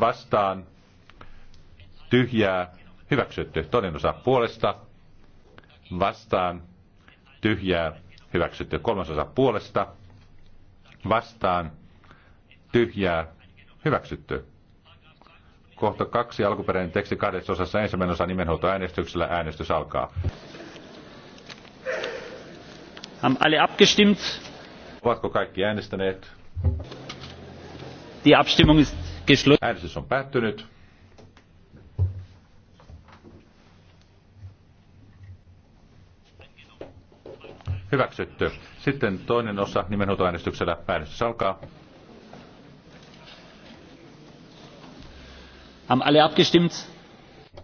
vastaan, tyhjää, hyväksytty. Toinen osa puolesta, vastaan, tyhjää, hyväksytty. Kolmas osa puolesta, vastaan, tyhjää, hyväksytty. Kohta kaksi alkuperäinen teksti kahdessa osassa ensimmäinen osa äänestyksellä Äänestys alkaa. Haben alle abgestimmt? Ovatko kaikki äänestäneet? Die Abstimmung ist Äänestys on päättynyt. Hyväksytty. Sitten toinen osa nimenhuutoäänestyksellä. Äänestys alkaa. Haben alle abgestimmt?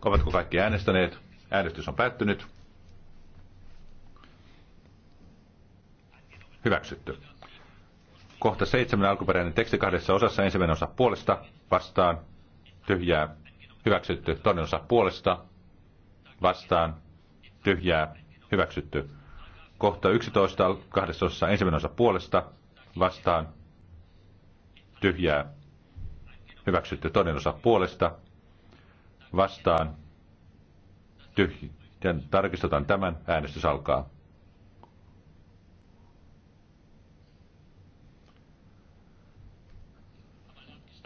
Ovatko kaikki äänestäneet? Äänestys on päättynyt. Hyväksytty. Kohta seitsemän alkuperäinen teksti kahdessa osassa. Ensimmäinen osa puolesta vastaan, tyhjää, hyväksytty. Toinen osa puolesta, vastaan, tyhjää, hyväksytty. Kohta 11, 12, ensimmäinen osa puolesta, vastaan, tyhjää, hyväksytty. Toinen osa puolesta, vastaan, tyhjää. Tarkistetaan tämän, äänestys alkaa.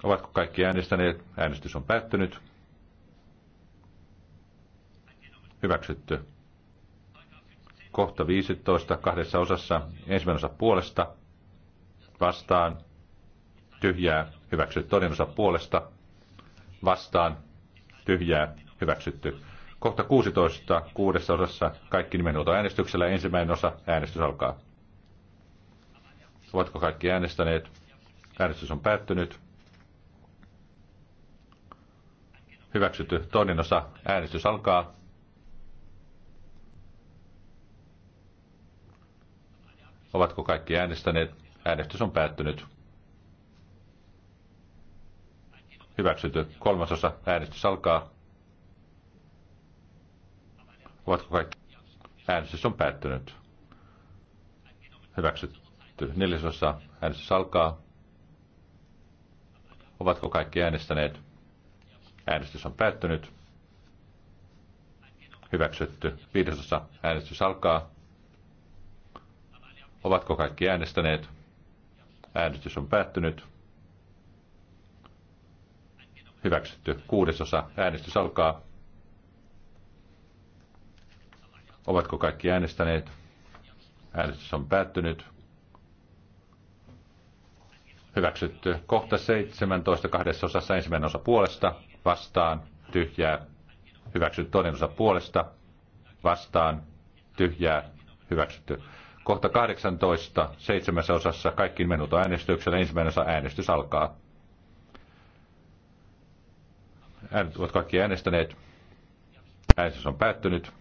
Ovatko kaikki äänestäneet? Äänestys on päättynyt. Hyväksytty. Kohta 15 kahdessa osassa. Ensimmäinen osa puolesta. Vastaan. Tyhjää. Hyväksytty. Toinen osa puolesta. Vastaan. Tyhjää. Hyväksytty. Kohta 16 kuudessa osassa kaikki nimenhuolto äänestyksellä. Ensimmäinen osa. Äänestys alkaa. Ovatko kaikki äänestäneet? Äänestys on päättynyt. Hyväksytty. Toinen osa. Äänestys alkaa. Ovatko kaikki äänestäneet? Äänestys on päättynyt. Hyväksytty. osa. Äänestys alkaa. Ovatko kaikki? Äänestys on päättynyt. Hyväksytty. osa. Äänestys alkaa. Ovatko kaikki äänestäneet? Äänestys on päättynyt. Hyväksytty. Viidesosa. Äänestys alkaa. Ovatko kaikki äänestäneet? Äänestys on päättynyt. Hyväksytty. Kuudesosa. Äänestys alkaa. Ovatko kaikki äänestäneet? Äänestys on päättynyt. Hyväksytty. Kohta 17. kahdessa osassa ensimmäinen osa puolesta vastaan, tyhjää, hyväksytty. Toinen osa puolesta, vastaan, tyhjää, hyväksytty. Kohta 18, seitsemässä osassa, kaikki menut äänestyksellä. Ensimmäinen osa äänestys alkaa. Äänet ovat kaikki äänestäneet. Äänestys on päättynyt.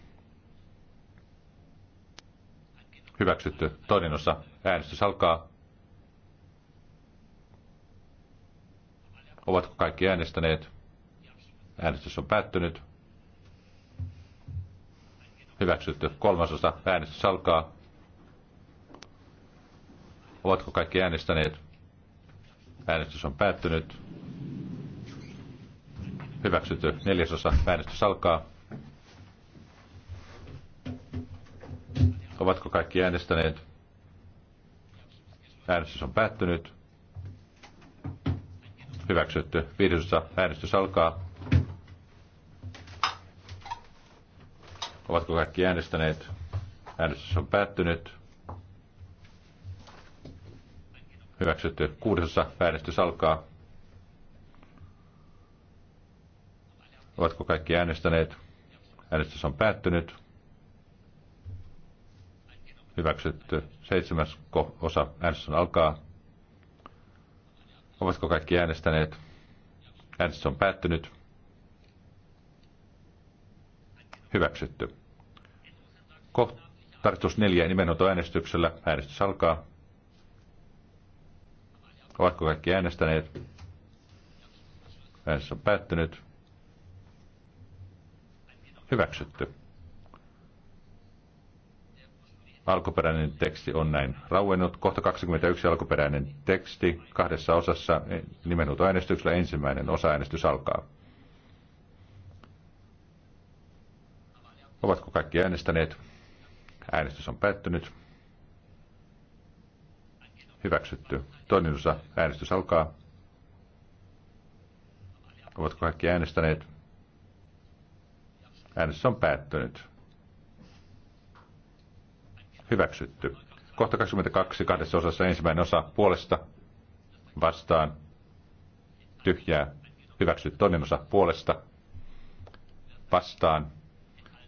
Hyväksytty. Toinen osa. Äänestys alkaa. Ovatko kaikki äänestäneet? Äänestys on päättynyt. Hyväksytty. Kolmasosa. Äänestys alkaa. Ovatko kaikki äänestäneet? Äänestys on päättynyt. Hyväksytty. Neljäsosa. Äänestys alkaa. Ovatko kaikki äänestäneet? Äänestys on päättynyt. Hyväksytty. Viidesosa. Äänestys alkaa. Ovatko kaikki äänestäneet? Äänestys on päättynyt. Hyväksytty. Kuudessa äänestys alkaa. Ovatko kaikki äänestäneet? Äänestys on päättynyt. Hyväksytty. Seitsemäs osa äänestys alkaa. Ovatko kaikki äänestäneet? Äänestys on päättynyt. Hyväksytty. Kohta tarkistus neljä nimenhoitoäänestyksellä. Äänestys alkaa. Ovatko kaikki äänestäneet? Äänestys on päättynyt. Hyväksytty. Alkuperäinen teksti on näin rauennut. Kohta 21 alkuperäinen teksti kahdessa osassa nimenhuutoäänestyksellä ensimmäinen osa äänestys alkaa. Ovatko kaikki äänestäneet? Äänestys on päättynyt. Hyväksytty. Toinen osa. Äänestys alkaa. Ovatko kaikki äänestäneet? Äänestys on päättynyt. Hyväksytty. Kohta 22 kahdessa osassa ensimmäinen osa puolesta vastaan tyhjää. Hyväksytty toinen osa puolesta vastaan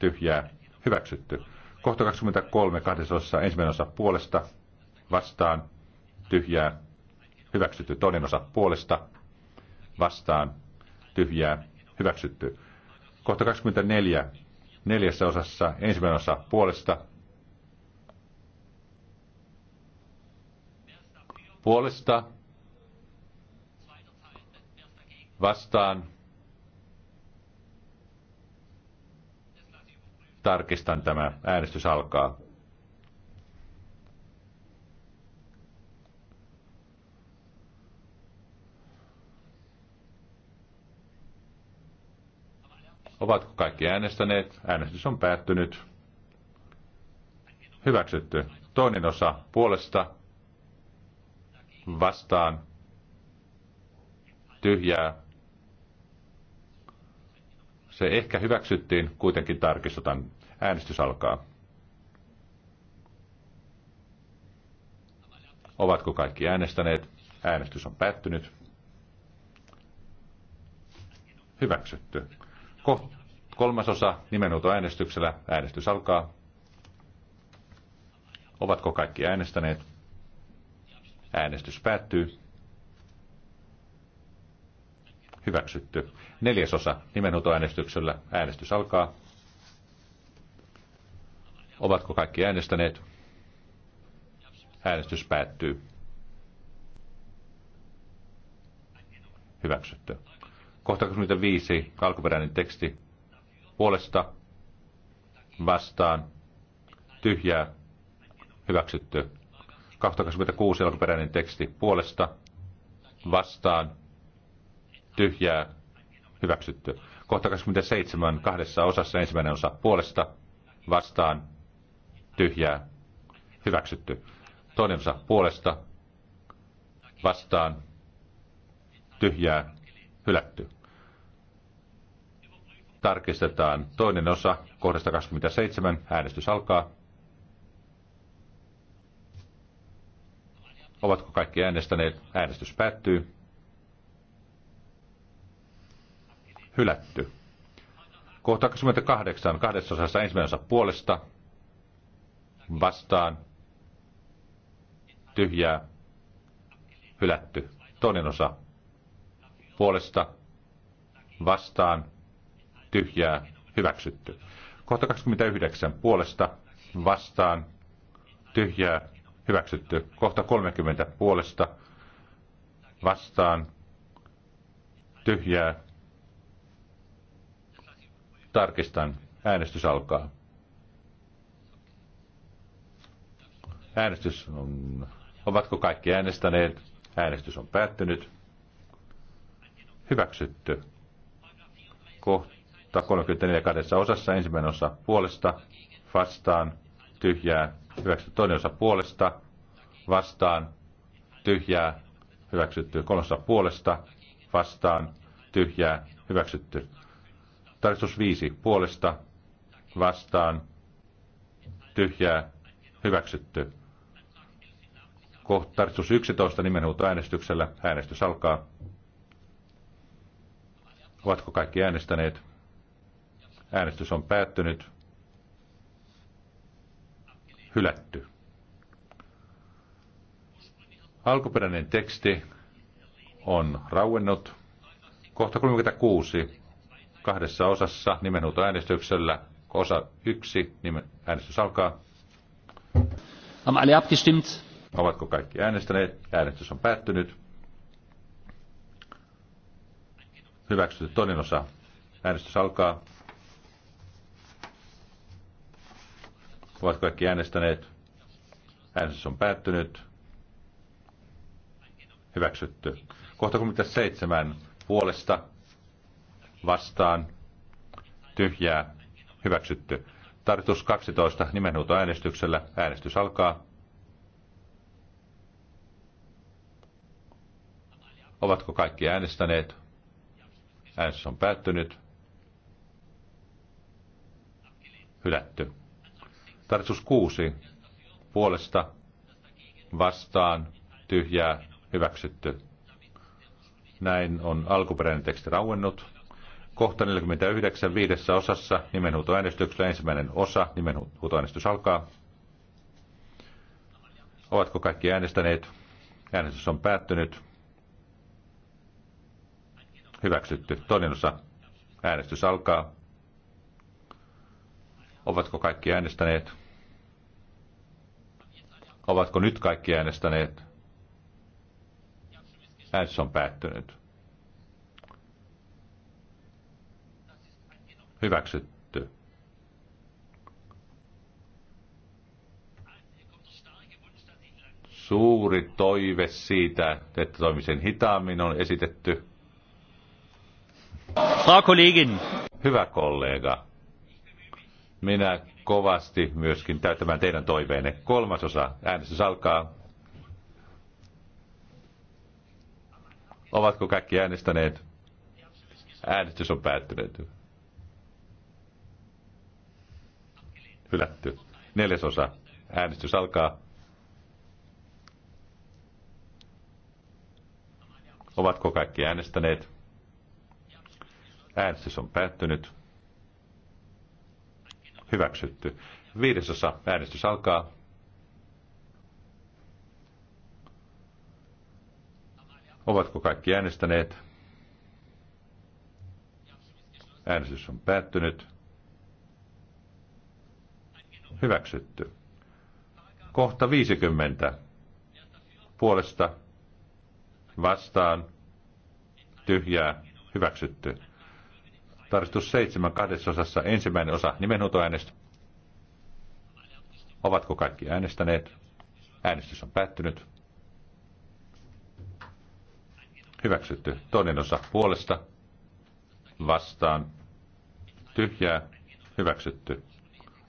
tyhjää, hyväksytty. Kohta 23, kahdessa osassa, ensimmäinen osa puolesta, vastaan, tyhjää, hyväksytty. Toinen osa puolesta, vastaan, tyhjää, hyväksytty. Kohta 24, neljässä osassa, ensimmäinen osa puolesta, puolesta, vastaan, Tarkistan tämä. Äänestys alkaa. Ovatko kaikki äänestäneet? Äänestys on päättynyt. Hyväksytty. Toinen osa puolesta. Vastaan. Tyhjää se ehkä hyväksyttiin, kuitenkin tarkistetaan. Äänestys alkaa. Ovatko kaikki äänestäneet? Äänestys on päättynyt. Hyväksytty. Ko- kolmas osa äänestyksellä. Äänestys alkaa. Ovatko kaikki äänestäneet? Äänestys päättyy hyväksytty. Neljäsosa nimenhuutoäänestyksellä. Äänestys alkaa. Ovatko kaikki äänestäneet? Äänestys päättyy. Hyväksytty. Kohta 25, alkuperäinen teksti. Puolesta, vastaan, tyhjää, hyväksytty. 26. alkuperäinen teksti. Puolesta, vastaan, tyhjää, hyväksytty. Kohta 27 kahdessa osassa ensimmäinen osa puolesta, vastaan, tyhjää, hyväksytty. Toinen osa puolesta, vastaan, tyhjää, hylätty. Tarkistetaan toinen osa kohdasta 27. Äänestys alkaa. Ovatko kaikki äänestäneet? Äänestys päättyy. hylätty. Kohta 28, kahdessa osassa ensimmäinen osa puolesta, vastaan, tyhjää, hylätty. Toinen osa puolesta, vastaan, tyhjää, hyväksytty. Kohta 29 puolesta, vastaan, tyhjää, hyväksytty. Kohta 30 puolesta, vastaan, tyhjää, Tarkistan. Äänestys alkaa. Äänestys on... Ovatko kaikki äänestäneet? Äänestys on päättynyt. Hyväksytty. Kohta 34 kahdessa osassa. Ensimmäinen osa puolesta, vastaan, tyhjää, hyväksytty. Toinen osa puolesta, vastaan, tyhjää, hyväksytty. Kolmas osa puolesta, vastaan, tyhjää, hyväksytty. Tarkistus 5 puolesta vastaan tyhjää hyväksytty. Kohta tarkistus nimenhuuto äänestyksellä. Äänestys alkaa. Ovatko kaikki äänestäneet? Äänestys on päättynyt. Hylätty. Alkuperäinen teksti on rauennut. Kohta 36 kahdessa osassa nimenhuutoäänestyksellä. Osa yksi, nimen, äänestys alkaa. Haben alle abgestimmt? Ovatko kaikki äänestäneet? Äänestys on päättynyt. Hyväksytty toinen osa. Äänestys alkaa. Ovatko kaikki äänestäneet. Äänestys on päättynyt. Hyväksytty. Kohta seitsemän puolesta vastaan tyhjää hyväksytty. Tartus 12 nimenhuutoäänestyksellä. Äänestys alkaa. Ovatko kaikki äänestäneet? Äänestys on päättynyt. Hylätty. Tartus 6. Puolesta vastaan tyhjää hyväksytty. Näin on alkuperäinen teksti rauennut. Kohta 49 viidessä osassa nimenhuutoäänestyksellä ensimmäinen osa. Nimenhuutoäänestys alkaa. Ovatko kaikki äänestäneet? Äänestys on päättynyt. Hyväksytty. Toinen osa. Äänestys alkaa. Ovatko kaikki äänestäneet? Ovatko nyt kaikki äänestäneet? Äänestys on päättynyt. Hyväksytty. Suuri toive siitä, että toimisen hitaammin on esitetty. Kollegin. Hyvä kollega. Minä kovasti myöskin täyttämään teidän toiveenne. Kolmasosa. Äänestys alkaa. Ovatko kaikki äänestäneet? Äänestys on päättynyt. hylätty. Neljäsosa. Äänestys alkaa. Ovatko kaikki äänestäneet? Äänestys on päättynyt. Hyväksytty. Viidesosa. Äänestys alkaa. Ovatko kaikki äänestäneet? Äänestys on päättynyt. Hyväksytty. Kohta 50. Puolesta vastaan tyhjää hyväksytty. Tarkistus 7 kahdessa osassa ensimmäinen osa nimenhuutoäänestys. Ovatko kaikki äänestäneet? Äänestys on päättynyt. Hyväksytty. Toinen osa puolesta. Vastaan. Tyhjää. Hyväksytty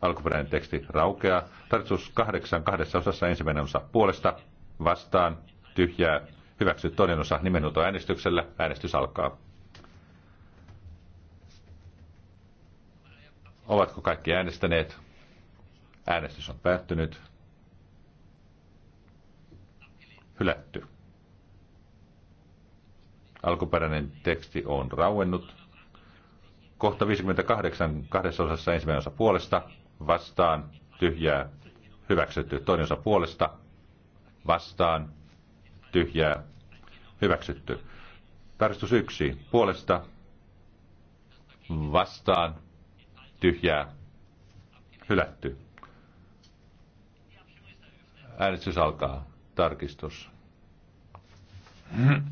alkuperäinen teksti raukeaa. Tarkistus kahdeksan kahdessa osassa ensimmäinen osa puolesta vastaan tyhjää hyväksy toinen osa nimenuto äänestyksellä. Äänestys alkaa. Ovatko kaikki äänestäneet? Äänestys on päättynyt. Hylätty. Alkuperäinen teksti on rauennut kohta 58 kahdessa osassa ensimmäinen osa puolesta, vastaan, tyhjää, hyväksytty. Toinen osa puolesta, vastaan, tyhjää, hyväksytty. Tarkistus yksi, puolesta, vastaan, tyhjää, hylätty. Äänestys alkaa. Tarkistus. Haben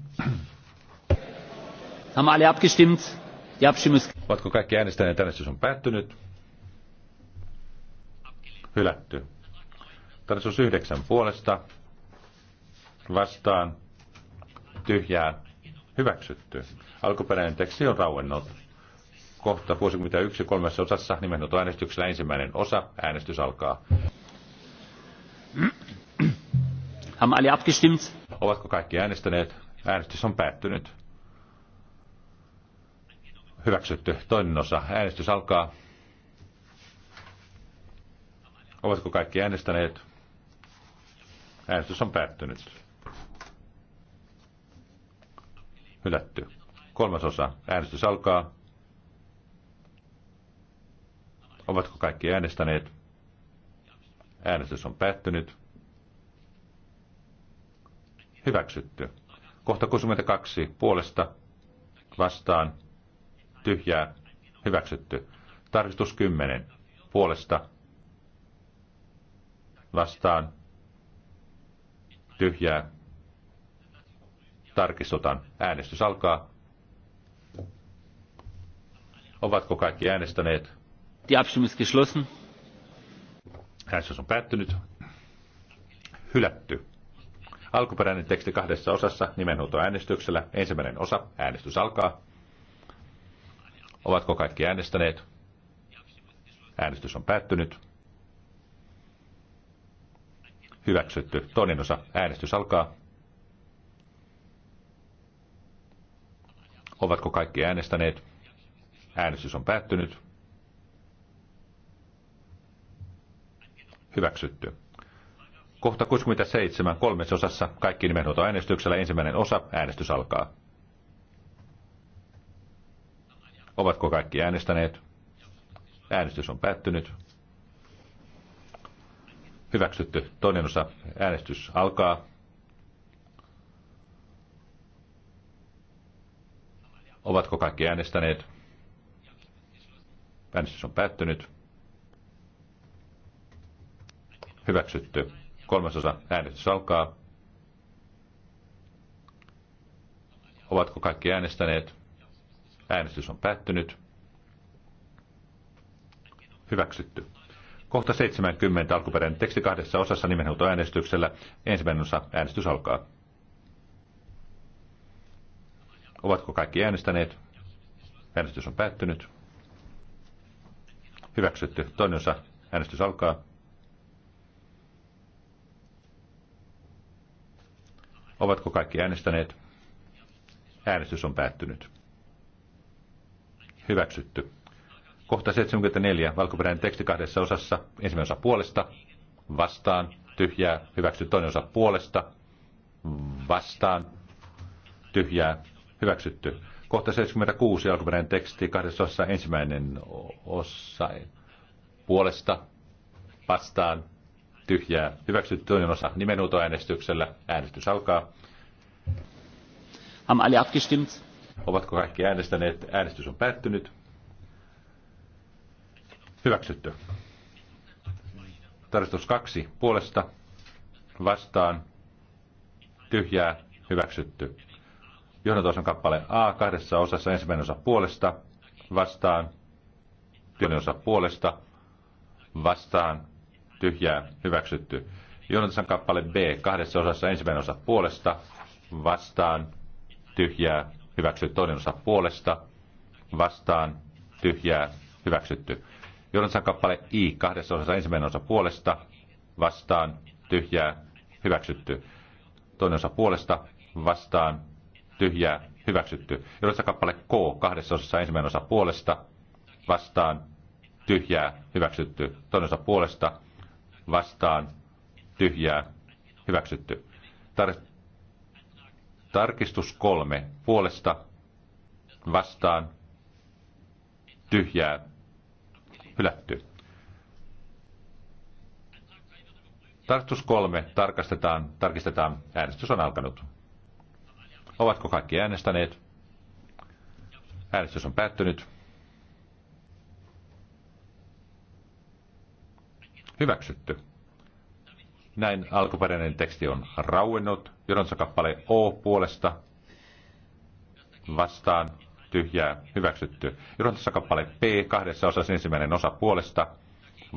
alle abgestimmt? Die Abstimmung ist... Ovatko kaikki äänestäneet? Äänestys on päättynyt hylätty. Tarkistus yhdeksän puolesta vastaan tyhjään hyväksytty. Alkuperäinen teksti on rauennut. Kohta 61 kolmessa osassa nimenomaan äänestyksellä ensimmäinen osa. Äänestys alkaa. Haben alle abgestimmt? Ovatko kaikki äänestäneet? Äänestys on päättynyt. Hyväksytty. Toinen osa. Äänestys alkaa. Ovatko kaikki äänestäneet? Äänestys on päättynyt. Hylätty. Kolmasosa. Äänestys alkaa. Ovatko kaikki äänestäneet? Äänestys on päättynyt. Hyväksytty. Kohta 62. Puolesta. Vastaan. Tyhjää. Hyväksytty. Tarkistus 10. Puolesta vastaan tyhjää tarkistutaan. Äänestys alkaa. Ovatko kaikki äänestäneet? Die Abstimmung ist geschlossen. Äänestys on päättynyt. Hylätty. Alkuperäinen teksti kahdessa osassa äänestyksellä Ensimmäinen osa. Äänestys alkaa. Ovatko kaikki äänestäneet? Äänestys on päättynyt. Hyväksytty. Toinen osa. Äänestys alkaa. Ovatko kaikki äänestäneet? Äänestys on päättynyt. Hyväksytty. Kohta 67 osassa kaikki nimenhuuto äänestyksellä ensimmäinen osa äänestys alkaa. Ovatko kaikki äänestäneet? Äänestys on päättynyt. Hyväksytty. Toinen osa. Äänestys alkaa. Ovatko kaikki äänestäneet? Äänestys on päättynyt. Hyväksytty. Kolmas osa Äänestys alkaa. Ovatko kaikki äänestäneet? Äänestys on päättynyt. Hyväksytty. Kohta 70 alkuperäinen teksti kahdessa osassa äänestyksellä Ensimmäinen osa äänestys alkaa. Ovatko kaikki äänestäneet? Äänestys on päättynyt. Hyväksytty. Toinen osa. Äänestys alkaa. Ovatko kaikki äänestäneet? Äänestys on päättynyt. Hyväksytty. Kohta 74, valkoperäinen teksti kahdessa osassa. Ensimmäinen osa puolesta, vastaan, tyhjää, hyväksy toinen osa puolesta, vastaan, tyhjää, hyväksytty. Kohta 76, alkuperäinen teksti kahdessa osassa, ensimmäinen osa puolesta, vastaan, tyhjää, hyväksytty toinen osa nimenuutoäänestyksellä. Äänestys alkaa. Haben alle abgestimmt? Ovatko kaikki äänestäneet? Äänestys on päättynyt. Hyväksytty. Tarkistus kaksi puolesta vastaan tyhjää hyväksytty. Johdantoisen kappale A kahdessa osassa ensimmäinen osa puolesta vastaan toinen osa puolesta vastaan tyhjää hyväksytty. Johdantoisen kappale B kahdessa osassa ensimmäinen osa puolesta vastaan tyhjää hyväksytty. Toinen osa puolesta vastaan tyhjää hyväksytty. Jonathan kappale I kahdessa osassa ensimmäinen osa puolesta vastaan tyhjää hyväksytty. Toinen osa puolesta vastaan tyhjää hyväksytty. Jonathan kappale K kahdessa osassa ensimmäinen osa puolesta vastaan tyhjää hyväksytty. Toinen osa puolesta vastaan tyhjää hyväksytty. Tar- tarkistus kolme puolesta vastaan tyhjää hylätty. Tarkastus kolme tarkastetaan, tarkistetaan. Äänestys on alkanut. Ovatko kaikki äänestäneet? Äänestys on päättynyt. Hyväksytty. Näin alkuperäinen teksti on rauennut. Jodonsa kappale O puolesta vastaan tyhjää, hyväksytty. Johdantossa kappale P, kahdessa osassa ensimmäinen osa puolesta,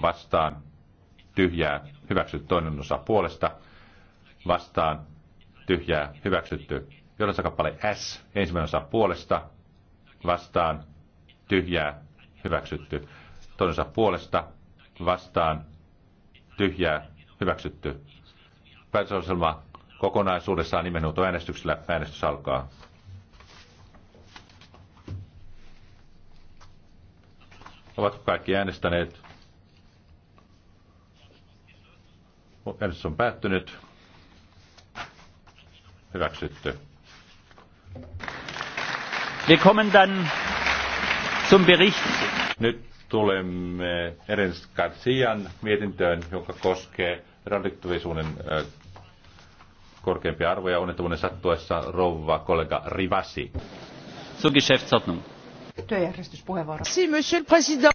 vastaan, tyhjää, hyväksytty. Toinen osa puolesta, vastaan, tyhjää, hyväksytty. Johdantossa kappale S, ensimmäinen osa puolesta, vastaan, tyhjää, hyväksytty. Toinen osa puolesta, vastaan, tyhjää, hyväksytty. Päätösohjelma kokonaisuudessaan äänestyksellä. äänestys alkaa. Ovatko kaikki äänestäneet? Äänestys on päättynyt. Hyväksytty. Wir kommen dann zum Bericht. Nyt tulemme Ernst Garcian mietintöön, joka koskee radioaktiivisuuden korkeimpia arvoja onnettomuuden sattuessa rouva kollega Rivasi. Zur Geschäftsordnung. Työjärjestyspuheenvuoro.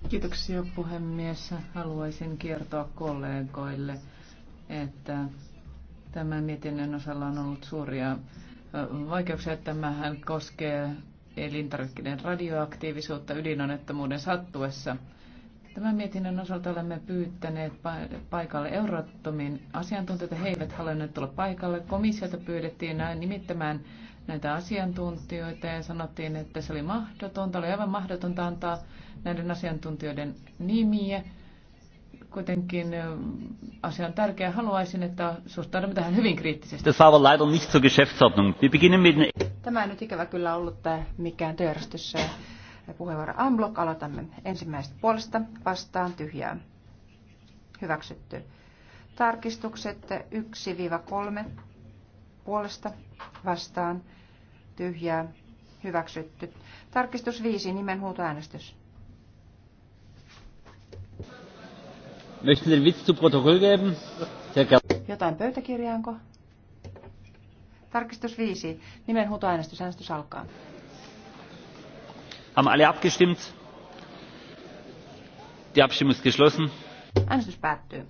Kiitoksia puhemies. Haluaisin kertoa kollegoille, että tämän mietinnön osalla on ollut suuria vaikeuksia. Tämähän koskee elintarvikkeiden radioaktiivisuutta ydinonnettomuuden sattuessa. Tämän mietinnön osalta olemme pyytäneet paikalle Eurottomin asiantuntijoita. He eivät halunneet tulla paikalle. Komissiota pyydettiin nimittämään näitä asiantuntijoita ja sanottiin, että se oli mahdotonta, oli aivan mahdotonta antaa näiden asiantuntijoiden nimiä. Kuitenkin asia on tärkeä. Haluaisin, että suhtaudumme tähän hyvin kriittisesti. Tämä ei nyt ikävä kyllä ollut tämä äh, mikään työjärjestys. Äh, puheenvuoro Unblock. Aloitamme ensimmäisestä puolesta vastaan tyhjää. Hyväksytty. Tarkistukset 1-3 äh, puolesta vastaan tyhjää, hyväksytty. Tarkistus 5, nimenhuutoäänestys. Möchten den Witz zu Protokoll geben? Jotain pöytäkirjaanko? Tarkistus 5. Nimenhuutoäänestys. Äänestys alkaa. Haben alle abgestimmt? Die Abstimmung ist geschlossen. Äänestys päättyy.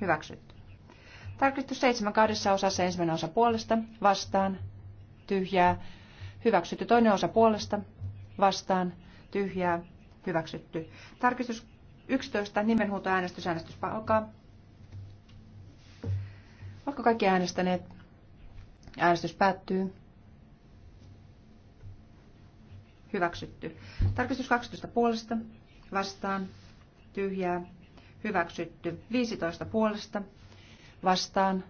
Hyväksytty. Tarkistus 7 kahdessa osassa ensimmäinen osa puolesta, vastaan, tyhjää, hyväksytty. Toinen osa puolesta, vastaan, tyhjää, hyväksytty. Tarkistus 11, äänestys, äänestys alkaa. Oletko kaikki äänestäneet? Äänestys päättyy. Hyväksytty. Tarkistus 12 puolesta, vastaan, tyhjää, hyväksytty. 15 puolesta, vastaan,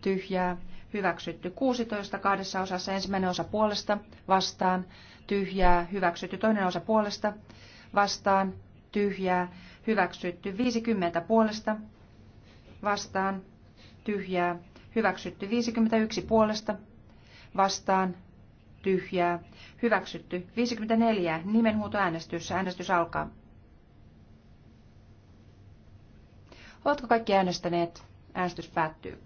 tyhjää, hyväksytty 16 kahdessa osassa ensimmäinen osa puolesta vastaan tyhjää hyväksytty toinen osa puolesta vastaan tyhjää hyväksytty 50 puolesta vastaan tyhjää hyväksytty 51 puolesta vastaan tyhjää hyväksytty 54 nimenhuutoäänestys äänestys alkaa Oletko kaikki äänestäneet? Äänestys päättyy.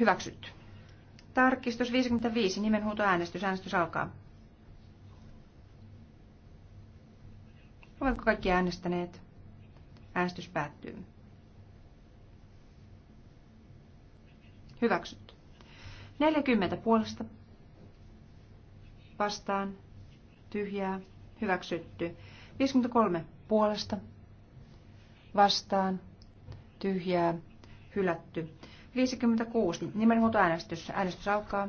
Hyväksytty. Tarkistus 55. Nimenhuutoäänestys. Äänestys alkaa. Ovatko kaikki äänestäneet? Äänestys päättyy. Hyväksytty. 40 puolesta. Vastaan. Tyhjää. Hyväksytty. 53 puolesta. Vastaan. Tyhjää. Hylätty. 56. Nimenhuutoäänestys. Äänestys alkaa.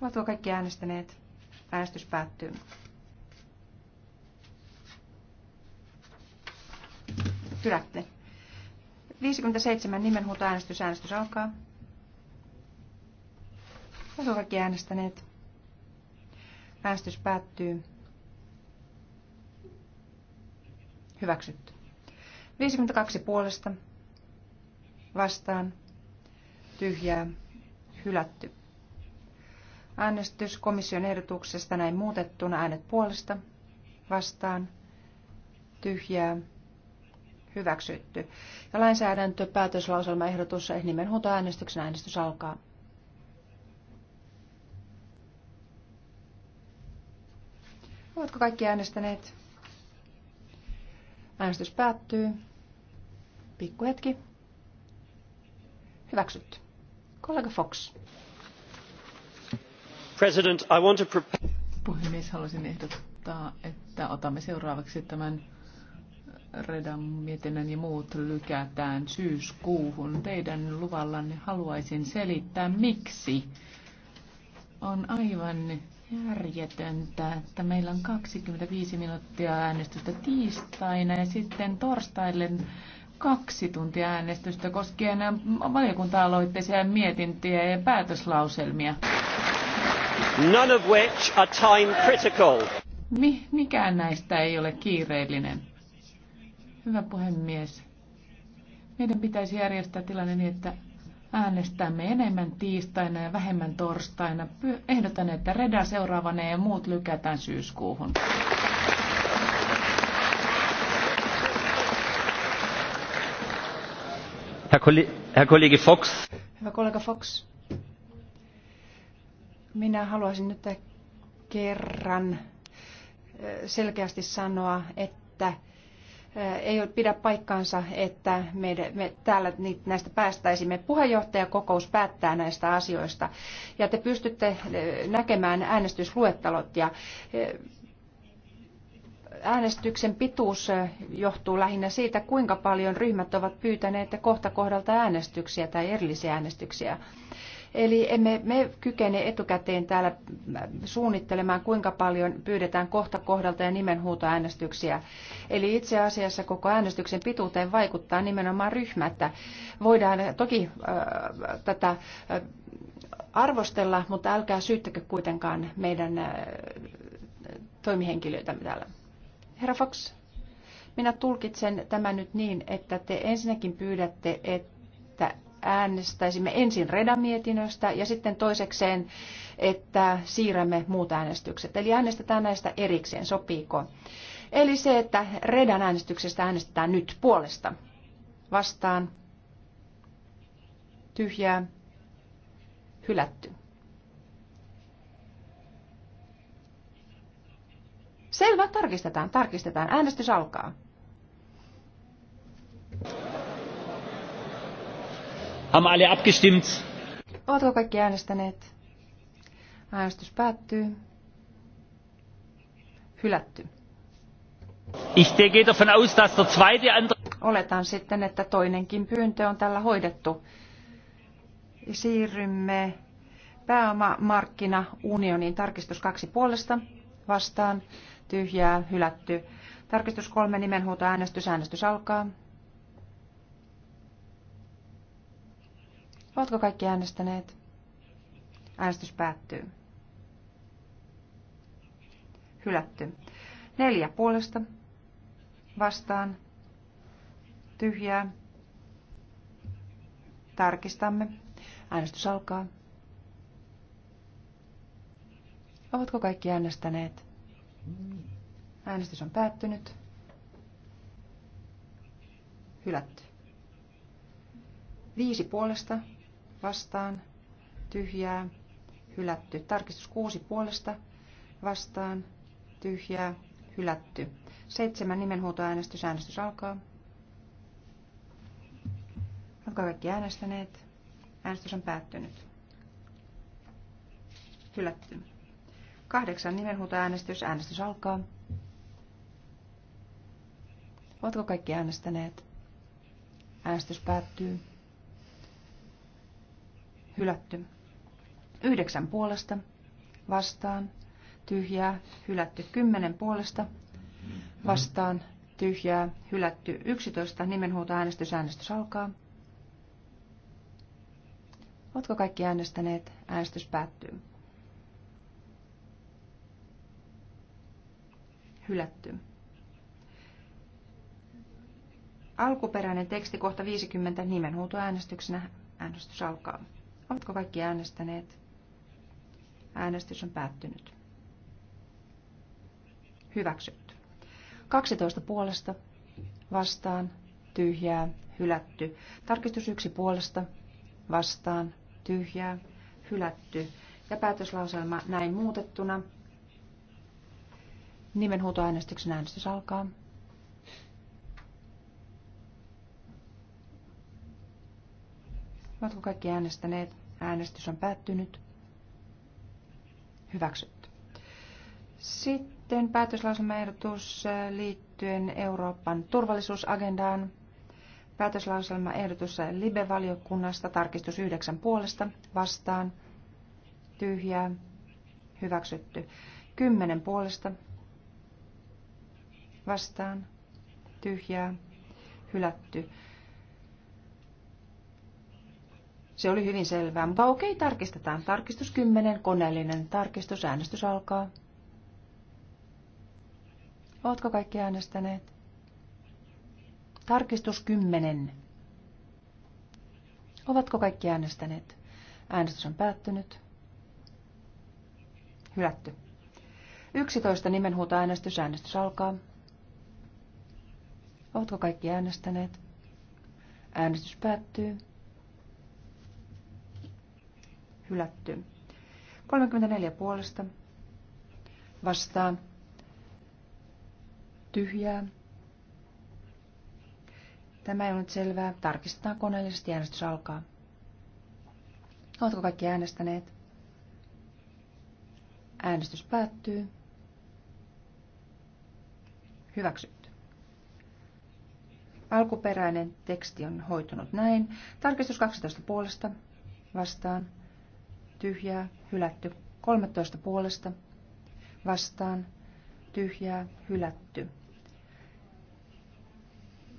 Ovatko kaikki äänestäneet? Äänestys päättyy. Hylätty. 57 nimenhuutoäänestys. Äänestys alkaa. Ovatko kaikki äänestäneet? Äänestys päättyy. Hyväksytty. 52 puolesta vastaan tyhjää hylätty. Äänestys komission ehdotuksesta näin muutettuna äänet puolesta vastaan tyhjää hyväksytty. Ja lainsäädäntö, päätöslauselmaehdotus, nimenhuutoäänestyksen äänestys alkaa. Ovatko kaikki äänestäneet? Äänestys päättyy. Pikkuhetki. Hyväksytty. Kollega Fox. President, I want to prepare... Puhemies, haluaisin ehdottaa, että otamme seuraavaksi tämän Redan mietinnän ja muut lykätään syyskuuhun. Teidän luvallanne haluaisin selittää, miksi. On aivan järjetöntä, että meillä on 25 minuuttia äänestystä tiistaina ja sitten torstaille kaksi tuntia äänestystä koskien valiokunta-aloitteisia mietintiä ja päätöslauselmia. None of which are time critical. Mi- mikään näistä ei ole kiireellinen. Hyvä puhemies. Meidän pitäisi järjestää tilanne niin, että äänestämme enemmän tiistaina ja vähemmän torstaina. Ehdotan, että Reda seuraavana ja muut lykätään syyskuuhun. Herr Kollege Fox. Hyvä kollega Fox. Minä haluaisin nyt kerran selkeästi sanoa, että ei pidä paikkaansa, että me, me täällä näistä päästäisimme. Puheenjohtajakokous päättää näistä asioista ja te pystytte näkemään äänestysluettelot ja äänestyksen pituus johtuu lähinnä siitä, kuinka paljon ryhmät ovat pyytäneet kohta kohdalta äänestyksiä tai erillisiä äänestyksiä. Eli emme me kykene etukäteen täällä suunnittelemaan, kuinka paljon pyydetään kohta kohdalta ja nimenhuutoäänestyksiä. Eli itse asiassa koko äänestyksen pituuteen vaikuttaa nimenomaan ryhmä, että voidaan toki äh, tätä äh, arvostella, mutta älkää syyttäkö kuitenkaan meidän äh, toimihenkilöitämme täällä. Herra Fox, minä tulkitsen tämän nyt niin, että te ensinnäkin pyydätte, että äänestäisimme ensin Redan mietinnöstä ja sitten toisekseen, että siirrämme muut äänestykset. Eli äänestetään näistä erikseen, sopiiko? Eli se, että Redan äänestyksestä äänestetään nyt puolesta. Vastaan. Tyhjää. Hylätty. Selvä, tarkistetaan, tarkistetaan. Äänestys alkaa. Haben alle abgestimmt? Ovatko kaikki äänestäneet? Äänestys päättyy. Hylätty. Ich gehe davon aus, dass der zweite Oletan sitten, että toinenkin pyyntö on tällä hoidettu. Siirrymme pääomamarkkinaunionin tarkistus kaksi puolesta vastaan tyhjää, hylätty. Tarkistus kolme nimenhuuto äänestys. Äänestys alkaa. Oletko kaikki äänestäneet? Äänestys päättyy. Hylätty. Neljä puolesta. Vastaan. Tyhjää. Tarkistamme. Äänestys alkaa. Ovatko kaikki äänestäneet? Äänestys on päättynyt. Hylätty. Viisi puolesta vastaan. Tyhjää. Hylätty. Tarkistus kuusi puolesta vastaan. Tyhjää. Hylätty. Seitsemän nimenhuutoäänestys. Äänestys alkaa. Oletko kaikki äänestäneet? Äänestys on päättynyt. Hylätty. Kahdeksan nimenhuutoäänestys. Äänestys alkaa. Oletko kaikki äänestäneet? Äänestys päättyy. Hylätty. Yhdeksän puolesta. Vastaan. Tyhjää. Hylätty. Kymmenen puolesta. Vastaan. Tyhjää. Hylätty. Yksitoista. Nimenhuutoäänestys. Äänestys alkaa. Oletko kaikki äänestäneet? Äänestys päättyy. hylätty. Alkuperäinen teksti kohta 50 äänestyksenä. Äänestys alkaa. Oletko kaikki äänestäneet? Äänestys on päättynyt. Hyväksytty. 12 puolesta vastaan tyhjää hylätty. Tarkistus yksi puolesta vastaan tyhjää hylätty. Ja päätöslauselma näin muutettuna Nimenhuutoäänestyksen äänestys alkaa. Oletko kaikki äänestäneet? Äänestys on päättynyt. Hyväksytty. Sitten päätöslauselmaehdotus liittyen Euroopan turvallisuusagendaan. Päätöslauselmaehdotus Libe-valiokunnasta tarkistus yhdeksän puolesta vastaan. Tyhjää. Hyväksytty. Kymmenen puolesta vastaan, tyhjää, hylätty. Se oli hyvin selvää, mutta okei, tarkistetaan. Tarkistus 10, koneellinen tarkistus, äänestys alkaa. Ootko kaikki äänestäneet? Tarkistus 10. Ovatko kaikki äänestäneet? Äänestys on päättynyt. Hylätty. 11 äänestys, Äänestys alkaa. Ovatko kaikki äänestäneet? Äänestys päättyy. Hylätty. 34 puolesta. Vastaan. Tyhjää. Tämä ei ole nyt selvää. Tarkistetaan koneellisesti. Äänestys alkaa. Oletko kaikki äänestäneet? Äänestys päättyy. Hyväksytty. Alkuperäinen teksti on hoitunut näin. Tarkistus 12 puolesta vastaan. Tyhjää, hylätty. 13 puolesta vastaan. Tyhjää, hylätty.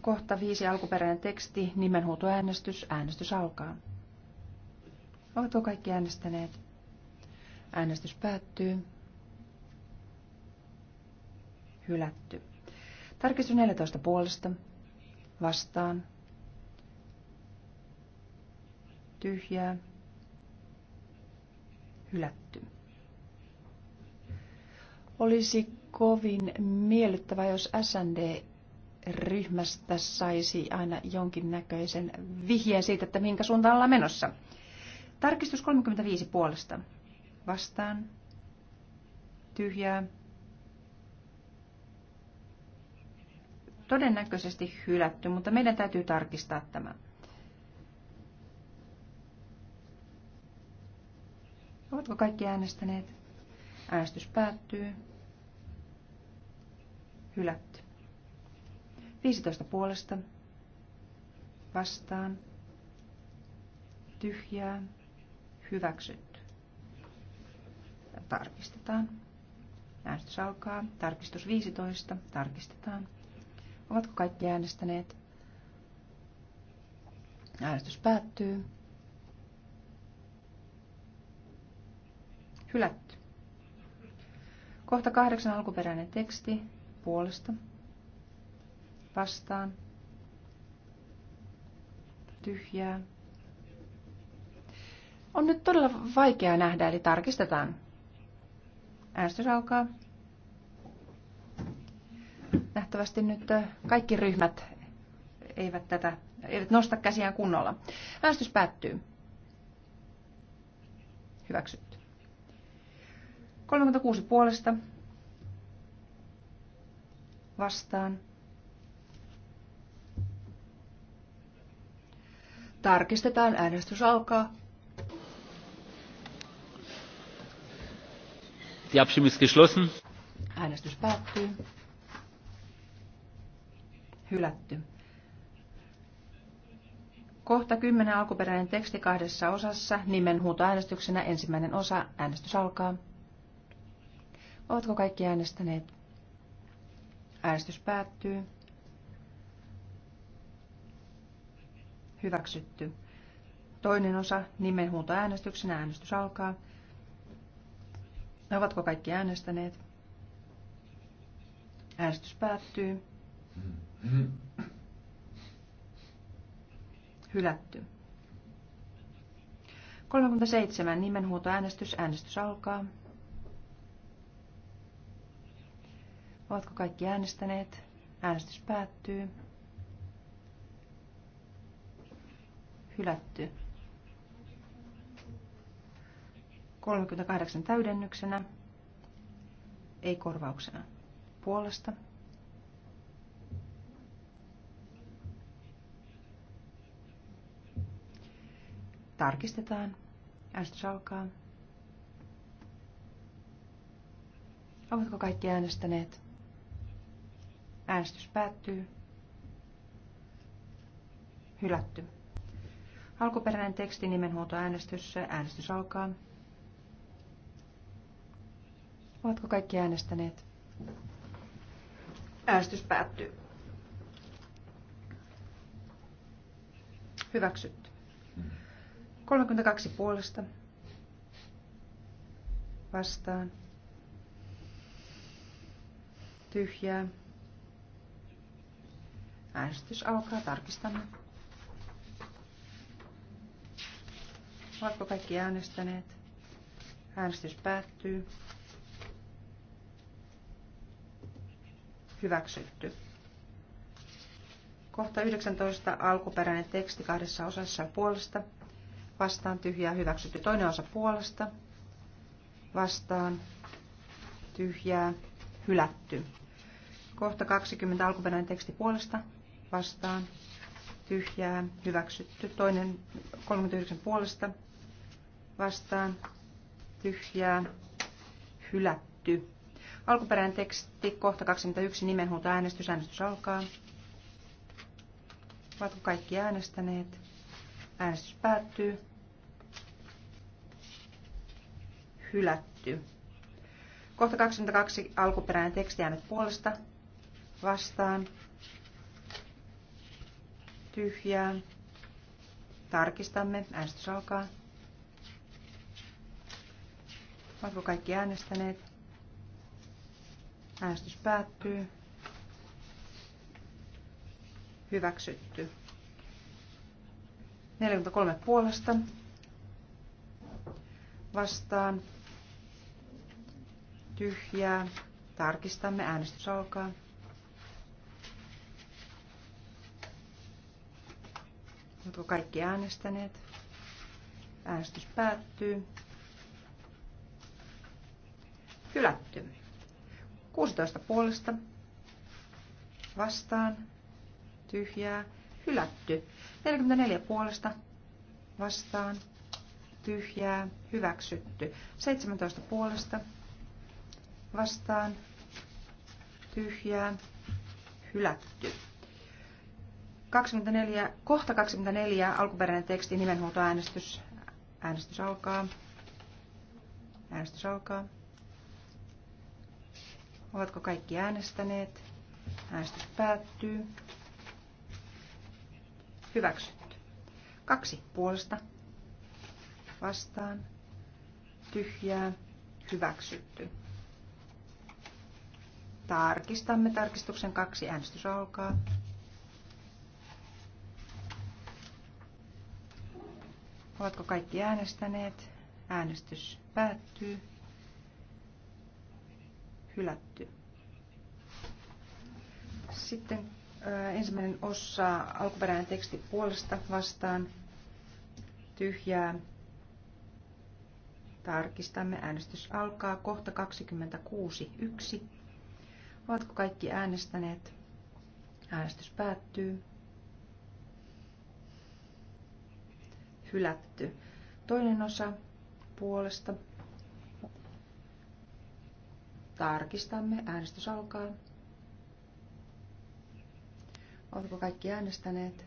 Kohta viisi alkuperäinen teksti, nimenhuutoäänestys, äänestys alkaa. Oletko kaikki äänestäneet? Äänestys päättyy. Hylätty. Tarkistus 14 puolesta vastaan tyhjää hylätty. Olisi kovin miellyttävä, jos SND ryhmästä saisi aina jonkinnäköisen vihjeen siitä, että minkä suuntaan ollaan menossa. Tarkistus 35 puolesta. Vastaan. Tyhjää. todennäköisesti hylätty, mutta meidän täytyy tarkistaa tämä. Ovatko kaikki äänestäneet? Äänestys päättyy. Hylätty. 15 puolesta. Vastaan. Tyhjää. Hyväksytty. Tarkistetaan. Äänestys alkaa. Tarkistus 15. Tarkistetaan. Ovatko kaikki äänestäneet? Äänestys päättyy. Hylätty. Kohta kahdeksan alkuperäinen teksti puolesta. Vastaan. Tyhjää. On nyt todella vaikea nähdä, eli tarkistetaan. Äänestys alkaa. Nähtävästi nyt äh, kaikki ryhmät eivät, tätä, eivät nosta käsiään kunnolla. Äänestys päättyy. Hyväksytty. 36 puolesta. Vastaan. Tarkistetaan. Äänestys alkaa. Die Abstimmung ist geschlossen. Äänestys päättyy hylätty. Kohta 10 alkuperäinen teksti kahdessa osassa, nimenhuutoäänestyksenä ensimmäinen osa, äänestys alkaa. Ovatko kaikki äänestäneet? Äänestys päättyy. Hyväksytty. Toinen osa, nimenhuutoäänestyksenä, äänestys alkaa. Ovatko kaikki äänestäneet? Äänestys päättyy. Mm. Hylätty. 37. Nimenhuutoäänestys. Äänestys alkaa. Ovatko kaikki äänestäneet? Äänestys päättyy. Hylätty. 38 täydennyksenä, ei korvauksena. Puolesta Tarkistetaan. Äänestys alkaa. Ovatko kaikki äänestäneet? Äänestys päättyy. Hylätty. Alkuperäinen teksti äänestyssä Äänestys alkaa. Ovatko kaikki äänestäneet? Äänestys päättyy. Hyväksytty. 32 puolesta vastaan. Tyhjää. Äänestys alkaa. tarkistamaan. Ovatko kaikki äänestäneet? Äänestys päättyy. Hyväksytty. Kohta 19 alkuperäinen teksti kahdessa osassa puolesta vastaan tyhjää hyväksytty. Toinen osa puolesta vastaan tyhjää hylätty. Kohta 20 alkuperäinen teksti puolesta vastaan tyhjää hyväksytty. Toinen 39 puolesta vastaan tyhjää hylätty. Alkuperäinen teksti kohta 21 nimenhuuto äänestys. Äänestys alkaa. Ovatko kaikki äänestäneet? Äänestys päättyy. hylätty. Kohta 22 alkuperäinen teksti äänet puolesta vastaan tyhjää. Tarkistamme. Äänestys alkaa. Ovatko kaikki äänestäneet? Äänestys päättyy. Hyväksytty. 43 puolesta. Vastaan tyhjää. Tarkistamme. Äänestys alkaa. Oletko kaikki äänestäneet? Äänestys päättyy. Hylätty. 16 puolesta. Vastaan. Tyhjää. Hylätty. 44 puolesta. Vastaan. Tyhjää. Hyväksytty. 17 puolesta vastaan tyhjää hylätty. 24, kohta 24 alkuperäinen teksti äänestys. Äänestys alkaa. Äänestys alkaa. Ovatko kaikki äänestäneet? Äänestys päättyy. Hyväksytty. Kaksi puolesta. Vastaan. Tyhjää. Hyväksytty. Tarkistamme tarkistuksen kaksi. Äänestys alkaa. Ovatko kaikki äänestäneet? Äänestys päättyy. Hylätty. Sitten äh, ensimmäinen osa alkuperäinen teksti puolesta vastaan. Tyhjää. Tarkistamme. Äänestys alkaa. Kohta 26.1. Ovatko kaikki äänestäneet? Äänestys päättyy. Hylätty. Toinen osa puolesta. Tarkistamme. Äänestys alkaa. Oletko kaikki äänestäneet?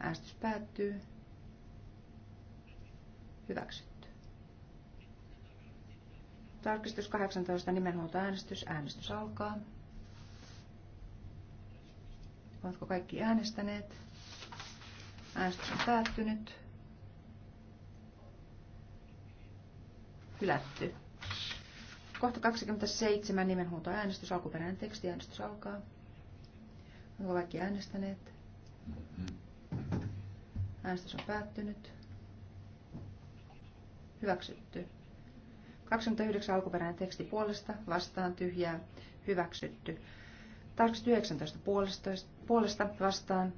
Äänestys päättyy. Hyväksyt. Tarkistus 18, nimenhuoltoäänestys. Äänestys alkaa. Ovatko kaikki äänestäneet? Äänestys on päättynyt. Hylätty. Kohta 27 nimenhuutoäänestys, alkuperäinen teksti, äänestys alkaa. Onko kaikki äänestäneet? Äänestys on päättynyt. Hyväksytty. 29 alkuperäinen teksti puolesta, vastaan tyhjää, hyväksytty. Tarkistus 19 puolesta, puolesta vastaan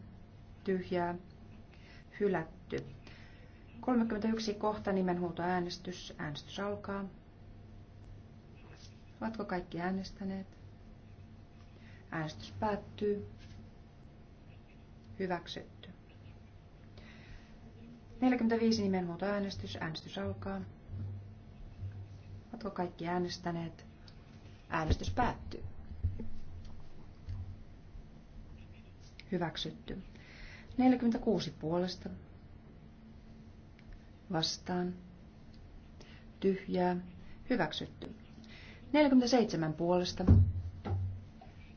tyhjää, hylätty. 31 kohta nimenhuuto Äänestys alkaa. Ovatko kaikki äänestäneet? Äänestys päättyy. Hyväksytty. 45 äänestys Äänestys alkaa. Oletko kaikki äänestäneet? Äänestys päättyy. Hyväksytty. 46 puolesta. Vastaan. Tyhjää. Hyväksytty. 47 puolesta.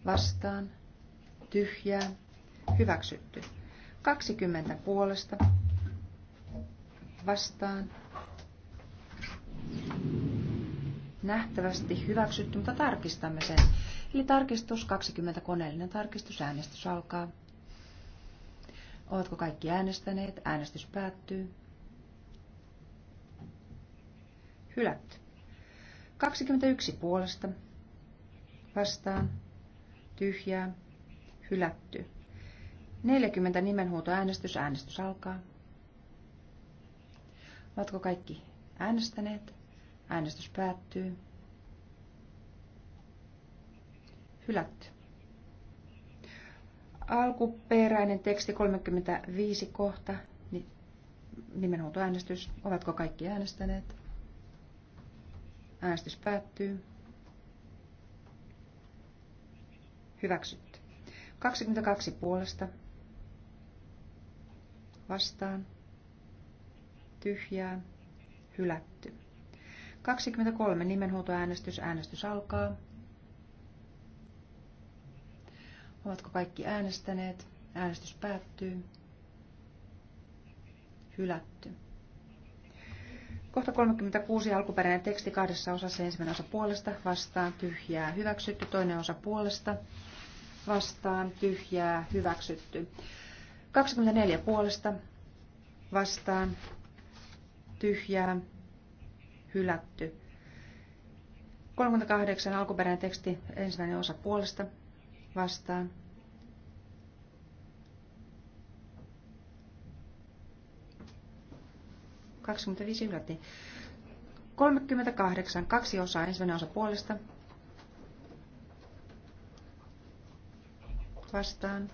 Vastaan. Tyhjää. Hyväksytty. 20 puolesta. Vastaan nähtävästi hyväksytty, mutta tarkistamme sen. Eli tarkistus 20, koneellinen tarkistus, äänestys alkaa. Ovatko kaikki äänestäneet? Äänestys päättyy. Hylätty. 21 puolesta. Vastaan. Tyhjää. Hylätty. 40 nimenhuutoäänestys. Äänestys alkaa. Ovatko kaikki äänestäneet? Äänestys päättyy. Hylätty. Alkuperäinen teksti 35 kohta. äänestys Ovatko kaikki äänestäneet? Äänestys päättyy. Hyväksytty. 22 puolesta. Vastaan. Tyhjää. Hylätty. 23. Nimenhuutoäänestys. Äänestys alkaa. Ovatko kaikki äänestäneet? Äänestys päättyy. Hylätty. Kohta 36 alkuperäinen teksti kahdessa osassa. Ensimmäinen osa puolesta vastaan tyhjää hyväksytty. Toinen osa puolesta vastaan tyhjää hyväksytty. 24 puolesta vastaan tyhjää hylätty. 38 alkuperäinen teksti, ensimmäinen osa puolesta vastaan. Kaksikymmentä viisi 38, kaksi osaa, ensimmäinen osa puolesta. Vastaan.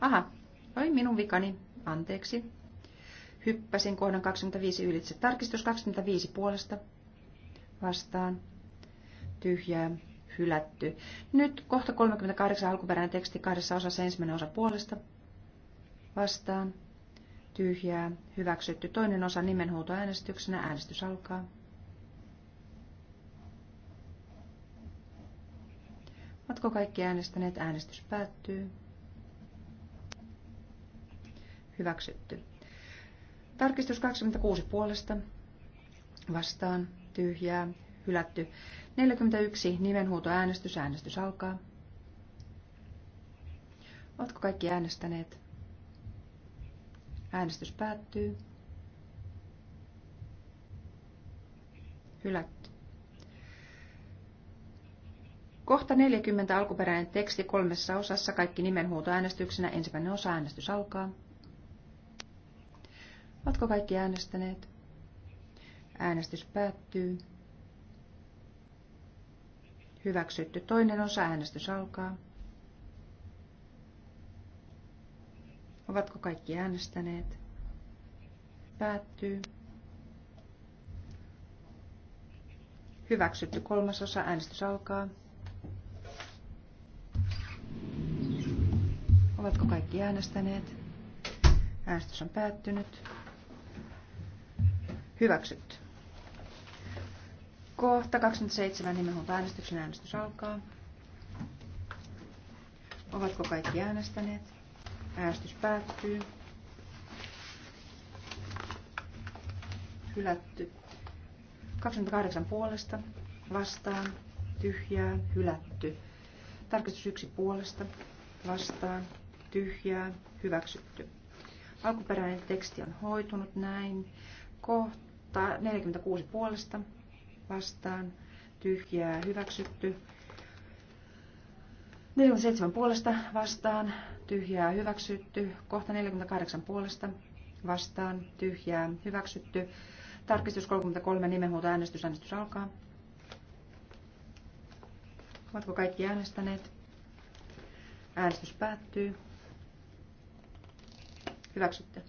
Aha, oli minun vikani. Anteeksi. Hyppäsin kohdan 25 ylitse. Tarkistus 25 puolesta vastaan. Tyhjää, hylätty. Nyt kohta 38 alkuperäinen teksti kahdessa osassa ensimmäinen osa puolesta vastaan. Tyhjää, hyväksytty. Toinen osa äänestyksenä. Äänestys alkaa. Ovatko kaikki äänestäneet? Äänestys päättyy. Hyväksytty. Tarkistus 26 puolesta. Vastaan. Tyhjää. Hylätty. 41. nimenhuuto Äänestys äänestys alkaa. Oletko kaikki äänestäneet? Äänestys päättyy. Hylätty. Kohta 40 alkuperäinen teksti kolmessa osassa kaikki nimenhuuto äänestyksenä. Ensimmäinen osa äänestys alkaa. Oletko kaikki äänestäneet? Äänestys päättyy. Hyväksytty. Toinen osa äänestys alkaa. Ovatko kaikki äänestäneet? Päättyy. Hyväksytty kolmas osa. Äänestys alkaa. Ovatko kaikki äänestäneet? Äänestys on päättynyt. Hyväksytty. Kohta 27 nimenomaan äänestyksen äänestys alkaa. Ovatko kaikki äänestäneet? Äänestys päättyy. Hylätty. 28 puolesta. Vastaan. Tyhjää. Hylätty. Tarkistus 1 puolesta. Vastaan. Tyhjää. Hyväksytty. Alkuperäinen teksti on hoitunut näin. Kohta 46 puolesta vastaan, tyhjää hyväksytty. 47 puolesta vastaan, tyhjää hyväksytty. Kohta 48 puolesta vastaan, tyhjää hyväksytty. Tarkistus 33 nimenhuuto äänestys, äänestys alkaa. Ovatko kaikki äänestäneet? Äänestys päättyy. Hyväksytty.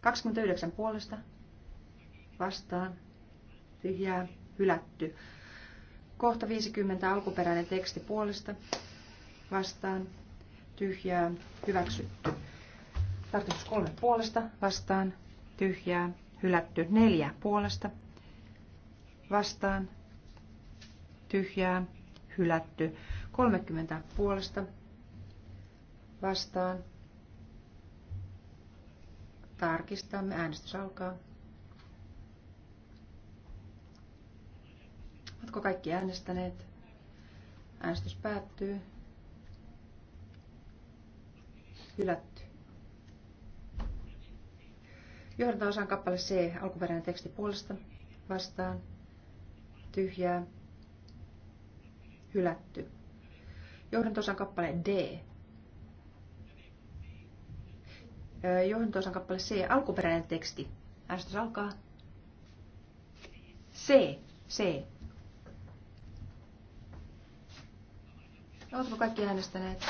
29 puolesta vastaan, tyhjää, hylätty. Kohta 50 alkuperäinen teksti puolesta, vastaan, tyhjää, hyväksytty. Tarkistus kolme puolesta, vastaan, tyhjää, hylätty. Neljä puolesta, vastaan, tyhjää, hylätty. 30 puolesta, vastaan, tarkistamme, äänestys alkaa. Oletko kaikki äänestäneet? Äänestys päättyy. Hylätty. Johdetaan osan kappale C, alkuperäinen teksti puolesta, vastaan, tyhjää, hylätty. Johdantaa osan kappale D, johdantoosan kappale C, alkuperäinen teksti. Äänestys alkaa. C, C. Oletko kaikki äänestäneet?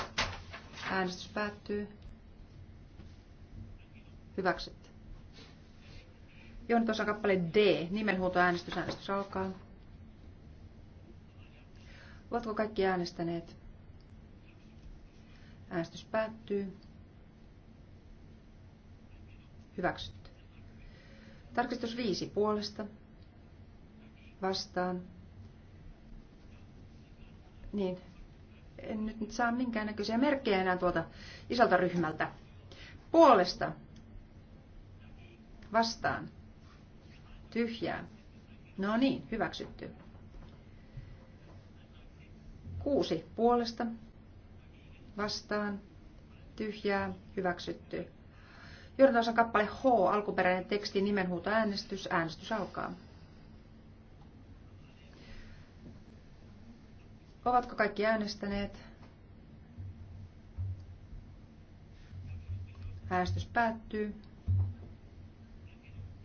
Äänestys päättyy. Hyväksytty. Joo, nyt on kappale D. Nimenhuuto äänestys. Äänestys alkaa. Oletko kaikki äänestäneet? Äänestys päättyy. Hyväksytty. Tarkistus 5 puolesta. Vastaan. Niin, en nyt saa minkäännäköisiä merkkejä enää tuolta isolta ryhmältä. Puolesta. Vastaan. Tyhjää. No niin, hyväksytty. Kuusi puolesta. Vastaan. Tyhjää. Hyväksytty. Johdantosan kappale H, alkuperäinen teksti, nimenhuuto äänestys. Äänestys alkaa. Ovatko kaikki äänestäneet? Äänestys päättyy.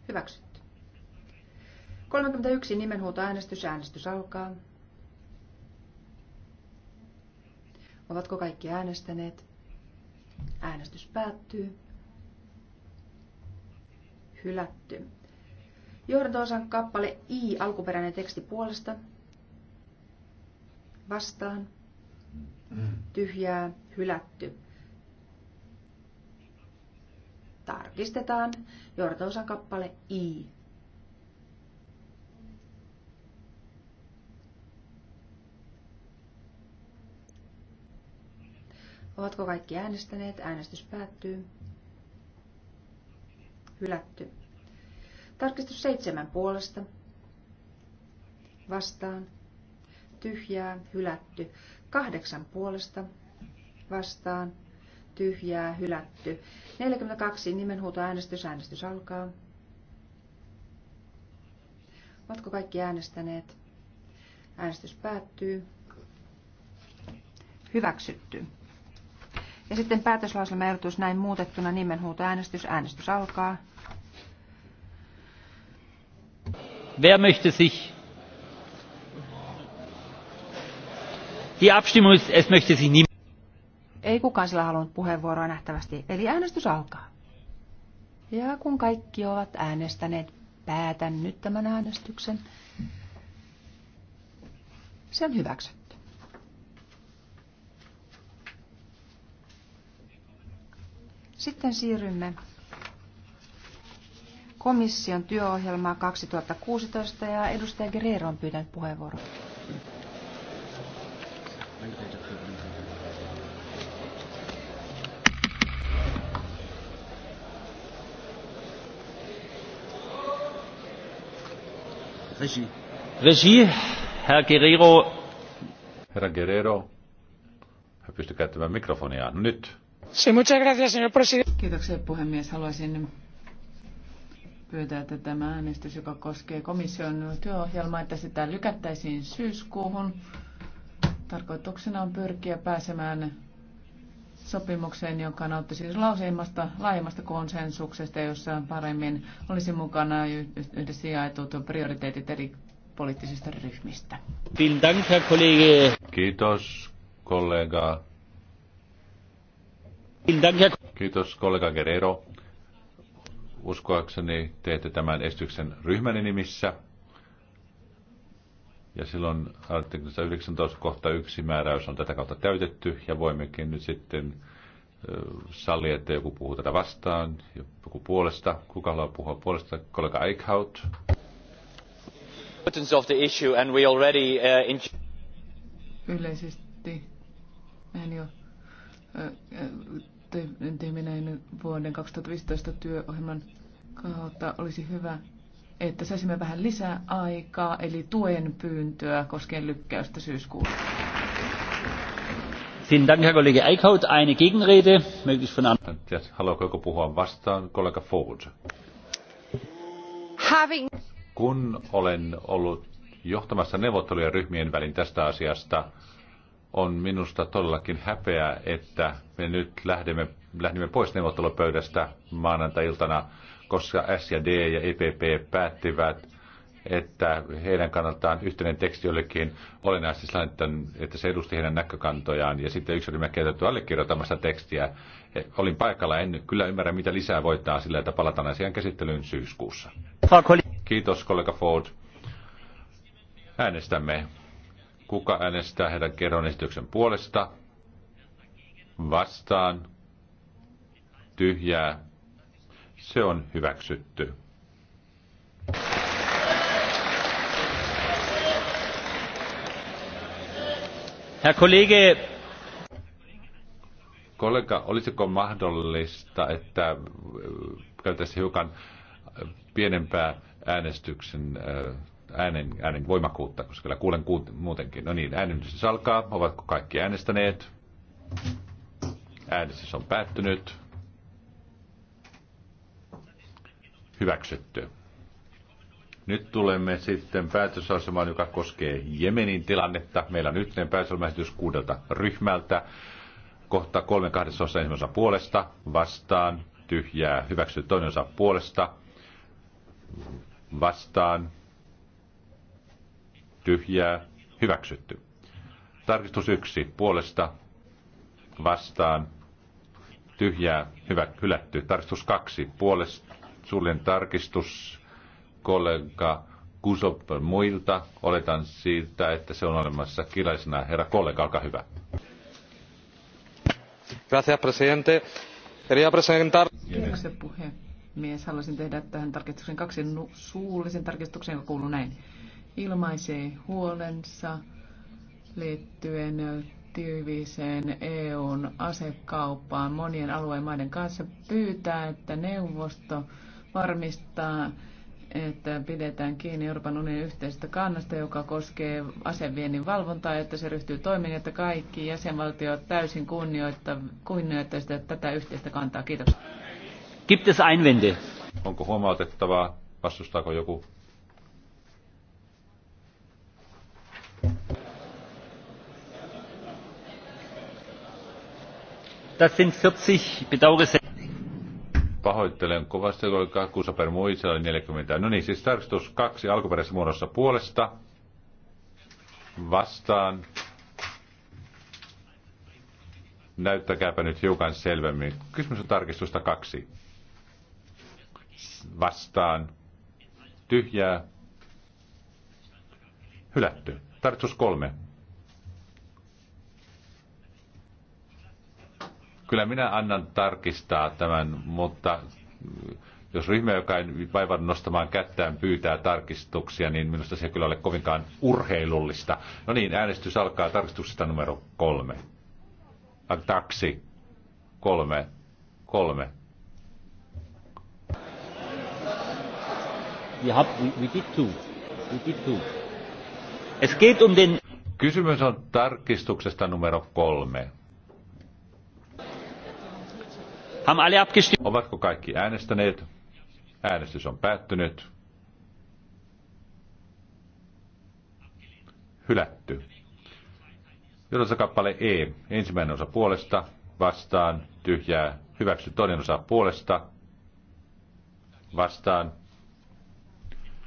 Hyväksytty. 31 nimenhuutoäänestys. Äänestys alkaa. Ovatko kaikki äänestäneet? Äänestys päättyy. Hylätty. Johdanto-osan kappale I, alkuperäinen teksti puolesta vastaan, mm. tyhjää, hylätty. Tarkistetaan Jortousan kappale I. Ovatko kaikki äänestäneet? Äänestys päättyy. Hylätty. Tarkistus seitsemän puolesta. Vastaan tyhjää, hylätty. Kahdeksan puolesta vastaan, tyhjää, hylätty. 42 nimenhuuto, äänestys alkaa. Oletko kaikki äänestäneet? Äänestys päättyy. Hyväksytty. Ja sitten päätöslauselma ehdotus näin muutettuna äänestys. Äänestys alkaa. Wer möchte sich Die Abstimmung ist, es möchte sich niemand. Ei kukaan sillä halunnut puheenvuoroa nähtävästi, eli äänestys alkaa. Ja kun kaikki ovat äänestäneet, päätän nyt tämän äänestyksen. Se on hyväksytty. Sitten siirrymme komission työohjelmaa 2016 ja edustaja Guerrero on pyytänyt puheenvuoron. Regie. Regie, Herr Guerrero. Herra Guerrero, hän Pystö käyttämään mikrofonia no nyt. Sí, muchas gracias, señor presidente. Kiitoksia puhemies. Haluaisin pyytää, että tämä äänestys, joka koskee komission työohjelmaa, että sitä lykättäisiin syyskuuhun. Tarkoituksena on pyrkiä pääsemään sopimukseen, joka nautti siis lauseimmasta, laajemmasta konsensuksesta, jossa paremmin olisi mukana yhdessä jaetut prioriteetit eri poliittisista ryhmistä. Kiitos, kollega. Kiitos, kollega Guerrero. Uskoakseni teette tämän estyksen ryhmän nimissä. Ja silloin artiklassa 19 kohta yksi määräys on tätä kautta täytetty ja voimmekin nyt sitten salli, että joku puhuu tätä vastaan, joku puolesta. Kuka haluaa puhua puolesta? Kollega Eichhout. Uh, Yleisesti en jo teimme näin vuoden 2015 työohjelman kautta olisi hyvä että saisimme vähän lisää aikaa, eli tuen pyyntöä koskien lykkäystä syyskuussa. Vielen Dank, Herr Kollege Eickhout. Eine Gegenrede, möglichst von anderen. Haluaako joku puhua vastaan? Kollega Ford. Having... Kun olen ollut johtamassa neuvotteluja ryhmien välin tästä asiasta, on minusta todellakin häpeä, että me nyt lähdemme, lähdemme pois neuvottelupöydästä maanantai-iltana koska S ja D ja EPP päättivät, että heidän kannaltaan yhteinen teksti jollekin olennaisesti sellainen, että se edusti heidän näkökantojaan. Ja sitten yksi ryhmä kieltäytyi allekirjoittamasta tekstiä. Olin paikalla, en kyllä ymmärrä, mitä lisää voittaa sillä, että palataan asian käsittelyyn syyskuussa. Kiitos kollega Ford. Äänestämme. Kuka äänestää heidän kerron esityksen puolesta? Vastaan. Tyhjää se on hyväksytty. Herr Kollege, kollega, olisiko mahdollista, että äh, käytäisiin hiukan äh, pienempää äänestyksen äh, äänen, äänen voimakkuutta, koska kyllä kuulen kuut, muutenkin. No niin, äänestys alkaa. Ovatko kaikki äänestäneet? Äänestys on päättynyt. Hyväksytty. Nyt tulemme sitten päätösasemaan, joka koskee Jemenin tilannetta. Meillä on yhteen päätösasemaisitys kuudelta ryhmältä. Kohta kolme kahdessa osa puolesta, vastaan, tyhjää, hyväksytty toinen osa puolesta, vastaan, tyhjää, hyväksytty. Tarkistus yksi, puolesta, vastaan, tyhjää, hyvä, hylätty. Tarkistus kaksi, puolesta, suullinen tarkistus kollega Kusop muilta. Oletan siitä, että se on olemassa kilaisena. Herra kollega, olkaa hyvä. Gracias, presidente. Quería presentar... Kiitoksia puhemies. Haluaisin tehdä tähän tarkistuksen kaksi suullisen tarkistuksen, joka kuuluu näin. Ilmaisee huolensa liittyen tiiviiseen EUn asekauppaan monien alueen maiden kanssa pyytää, että neuvosto varmistaa, että pidetään kiinni Euroopan unionin yhteisestä kannasta, joka koskee aseviennin valvontaa, että se ryhtyy toimiin, että kaikki jäsenvaltiot täysin kunnioittaisivat tätä yhteistä kantaa. Kiitos. Gibt es Einwände? Onko huomautettavaa? Vastustaako joku? Das sind 40 bedauere pahoittelen kovasti, oli kakkuussa per muissa, oli 40. No niin, siis tarkistus kaksi alkuperäisessä muodossa puolesta vastaan. Näyttäkääpä nyt hiukan selvemmin. Kysymys on tarkistusta kaksi. Vastaan. Tyhjää. Hylätty. Tarkistus kolme. Kyllä minä annan tarkistaa tämän, mutta jos ryhmä, joka ei vaivan nostamaan kättään, pyytää tarkistuksia, niin minusta se ei kyllä ole kovinkaan urheilullista. No niin, äänestys alkaa tarkistuksesta numero kolme. Äh, taksi. Kolme. Kolme. We, have, we did two. We did two. Es geht um den... Kysymys on tarkistuksesta numero kolme. Ovatko kaikki äänestäneet? Äänestys on päättynyt. Hylätty. Jotossa kappale E. Ensimmäinen osa puolesta, vastaan, tyhjää, hyväksy toinen osa puolesta, vastaan,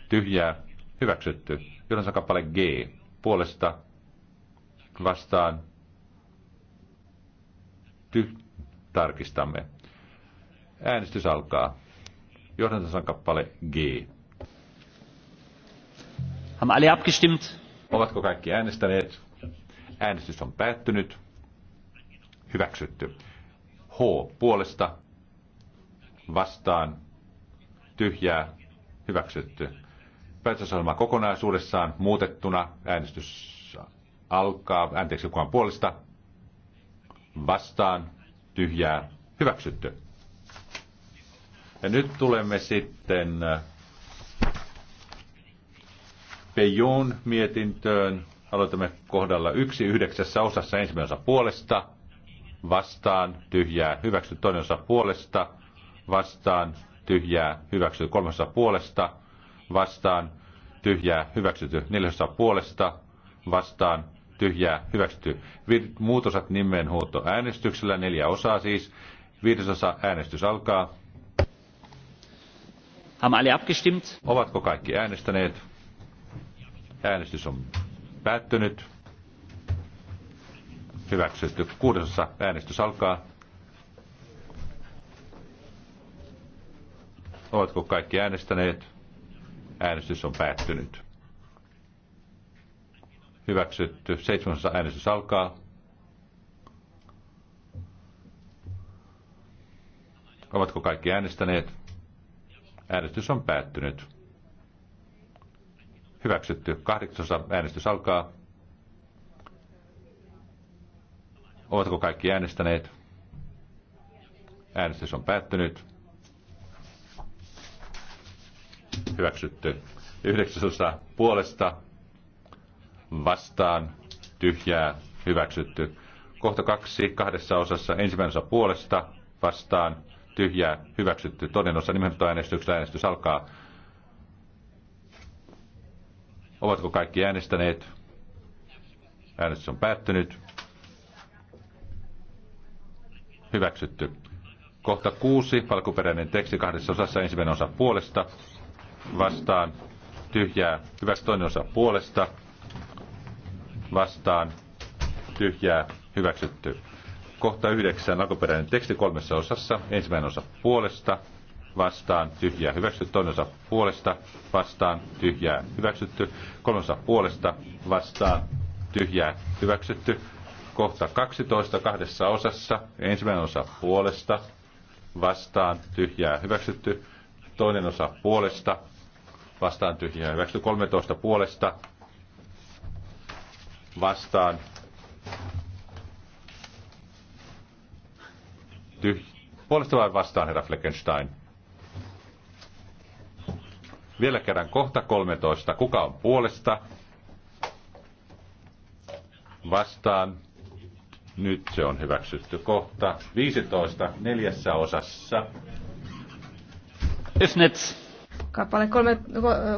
tyhjää, hyväksytty. Jotossa kappale G. Puolesta, vastaan, tyh, tarkistamme. Äänestys alkaa. Johdantasan kappale G. Haben alle abgestimmt? Ovatko kaikki äänestäneet? Äänestys on päättynyt. Hyväksytty. H. Puolesta. Vastaan. Tyhjää. Hyväksytty. Päätösohjelma kokonaisuudessaan muutettuna. Äänestys alkaa. Anteeksi, kukaan puolesta. Vastaan. Tyhjää. Hyväksytty. Ja nyt tulemme sitten äh, Pejon mietintöön. Aloitamme kohdalla yksi yhdeksässä osassa ensimmäisen osa puolesta, vastaan, tyhjää, hyväksy toinen osa puolesta, vastaan, tyhjää, hyväksy kolmas osa puolesta, vastaan, tyhjää, hyväksytty neljäsosa puolesta, vastaan, tyhjää, hyväksytty. Muutosat nimenhuuto äänestyksellä, neljä osaa siis. Viidesosa äänestys alkaa. Haben alle abgestimmt? Ovatko kaikki äänestäneet? Äänestys on päättynyt. Hyväksytty. Kuudessa äänestys alkaa. Ovatko kaikki äänestäneet? Äänestys on päättynyt. Hyväksytty. Seitsemässä äänestys alkaa. Ovatko kaikki äänestäneet? Äänestys on päättynyt. Hyväksytty. Kahdeksasosa äänestys alkaa. Ovatko kaikki äänestäneet? Äänestys on päättynyt. Hyväksytty. Yhdeksäsosa puolesta vastaan tyhjää hyväksytty. Kohta kaksi kahdessa osassa ensimmäinen osa puolesta vastaan tyhjää hyväksytty. todennossa nimenomaan äänestyksessä äänestys alkaa. Ovatko kaikki äänestäneet? Äänestys on päättynyt. Hyväksytty. Kohta kuusi, palkuperäinen teksti kahdessa osassa, ensimmäinen osa puolesta, vastaan, tyhjää, hyväksytty toinen osa puolesta, vastaan, tyhjää, hyväksytty. Kohta yhdeksän alkuperäinen teksti kolmessa osassa. Ensimmäinen osa puolesta, vastaan, tyhjää hyväksytty. Toinen osa puolesta, vastaan, tyhjää hyväksytty. Kolmas osa puolesta, vastaan, tyhjää hyväksytty. Kohta 12 kahdessa osassa. Ensimmäinen osa puolesta, vastaan, tyhjää hyväksytty. Toinen osa puolesta, vastaan tyhjää hyväksytty. 13 puolesta, vastaan, tyhj- Puolesta vai vastaan, herra Fleckenstein? Vielä kerran kohta 13. Kuka on puolesta? Vastaan. Nyt se on hyväksytty kohta. 15. Neljässä osassa. Esnets. Kappale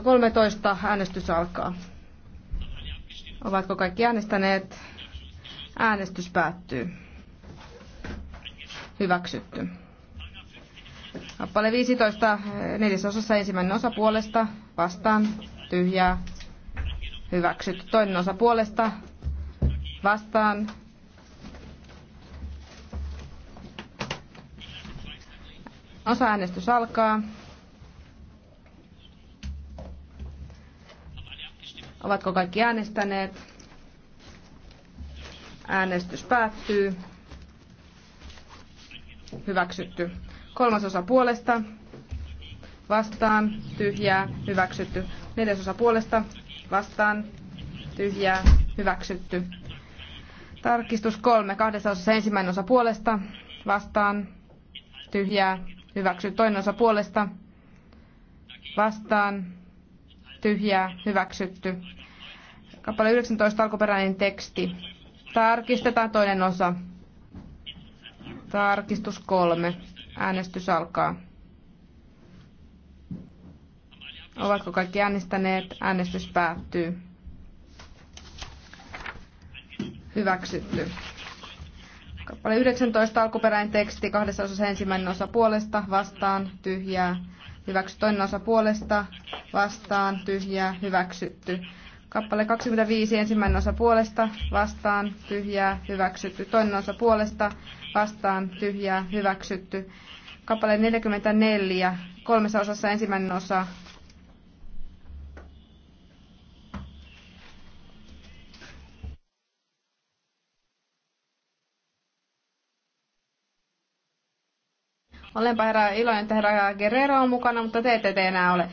13. Äänestys alkaa. Ovatko kaikki äänestäneet? Äänestys päättyy hyväksytty. Kappale 15, neljäsosassa ensimmäinen osa puolesta, vastaan, tyhjää, hyväksytty. Toinen osa puolesta, vastaan, Osa-äänestys alkaa. Ovatko kaikki äänestäneet? Äänestys päättyy hyväksytty. Kolmasosa puolesta, vastaan, tyhjää, hyväksytty. Neljäsosa puolesta, vastaan, tyhjää, hyväksytty. Tarkistus kolme, kahdessa osassa ensimmäinen osa puolesta, vastaan, tyhjää, hyväksytty. Toinen osa puolesta, vastaan, tyhjää, hyväksytty. Kappale 19, alkuperäinen teksti. Tarkistetaan toinen osa. Tarkistus kolme. Äänestys alkaa. Ovatko kaikki äänestäneet? Äänestys päättyy. Hyväksytty. Kappale 19 alkuperäinen teksti, kahdessa osassa ensimmäinen osa puolesta, vastaan, tyhjää, hyväksytty. Toinen osa puolesta, vastaan, tyhjää, hyväksytty. Kappale 25, ensimmäinen osa puolesta, vastaan, tyhjää, hyväksytty. Toinen osa puolesta, vastaan tyhjää hyväksytty. Kappale 44, kolmessa osassa ensimmäinen osa. Olenpa herra iloinen, että herra Guerrero on mukana, mutta te ette te enää ole.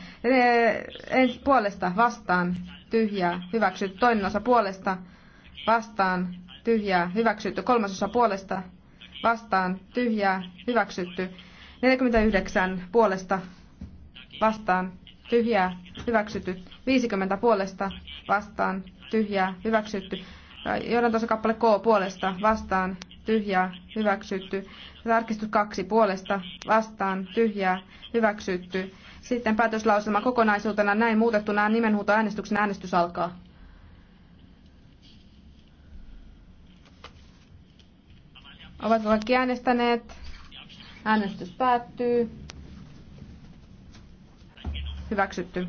En puolesta vastaan tyhjää hyväksytty. Toinen osa puolesta vastaan tyhjää hyväksytty. Kolmas osa puolesta vastaan tyhjää hyväksytty. 49 puolesta vastaan tyhjää hyväksytty. 50 puolesta vastaan tyhjää hyväksytty. Johdan tuossa kappale K puolesta vastaan tyhjää hyväksytty. Tarkistus 2 puolesta vastaan tyhjää hyväksytty. Sitten päätöslauselma kokonaisuutena näin muutettuna nimenhuutoäänestyksen äänestys alkaa. Ovatko kaikki äänestäneet? Äänestys päättyy. Hyväksytty.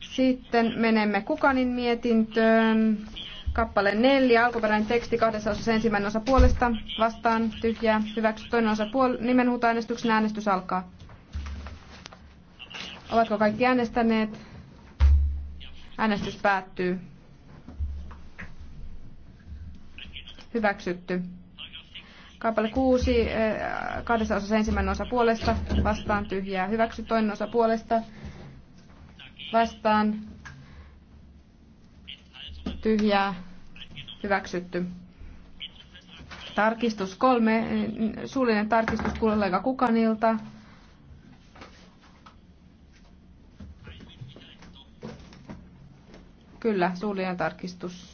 Sitten menemme Kukanin mietintöön. Kappale 4, alkuperäinen teksti kahdessa osassa ensimmäinen osa puolesta, vastaan, tyhjää, hyväksy toinen osa puol- nimenhuutoäänestyksen äänestys alkaa. Ovatko kaikki äänestäneet? Äänestys päättyy. Hyväksytty. Kappale 6, eh, kahdessa osassa ensimmäinen osa puolesta, vastaan tyhjää. Hyväksy toinen osa puolesta, vastaan tyhjää. Hyväksytty. Tarkistus kolme, eh, suullinen tarkistus kollega Kukanilta. Kyllä, suullinen tarkistus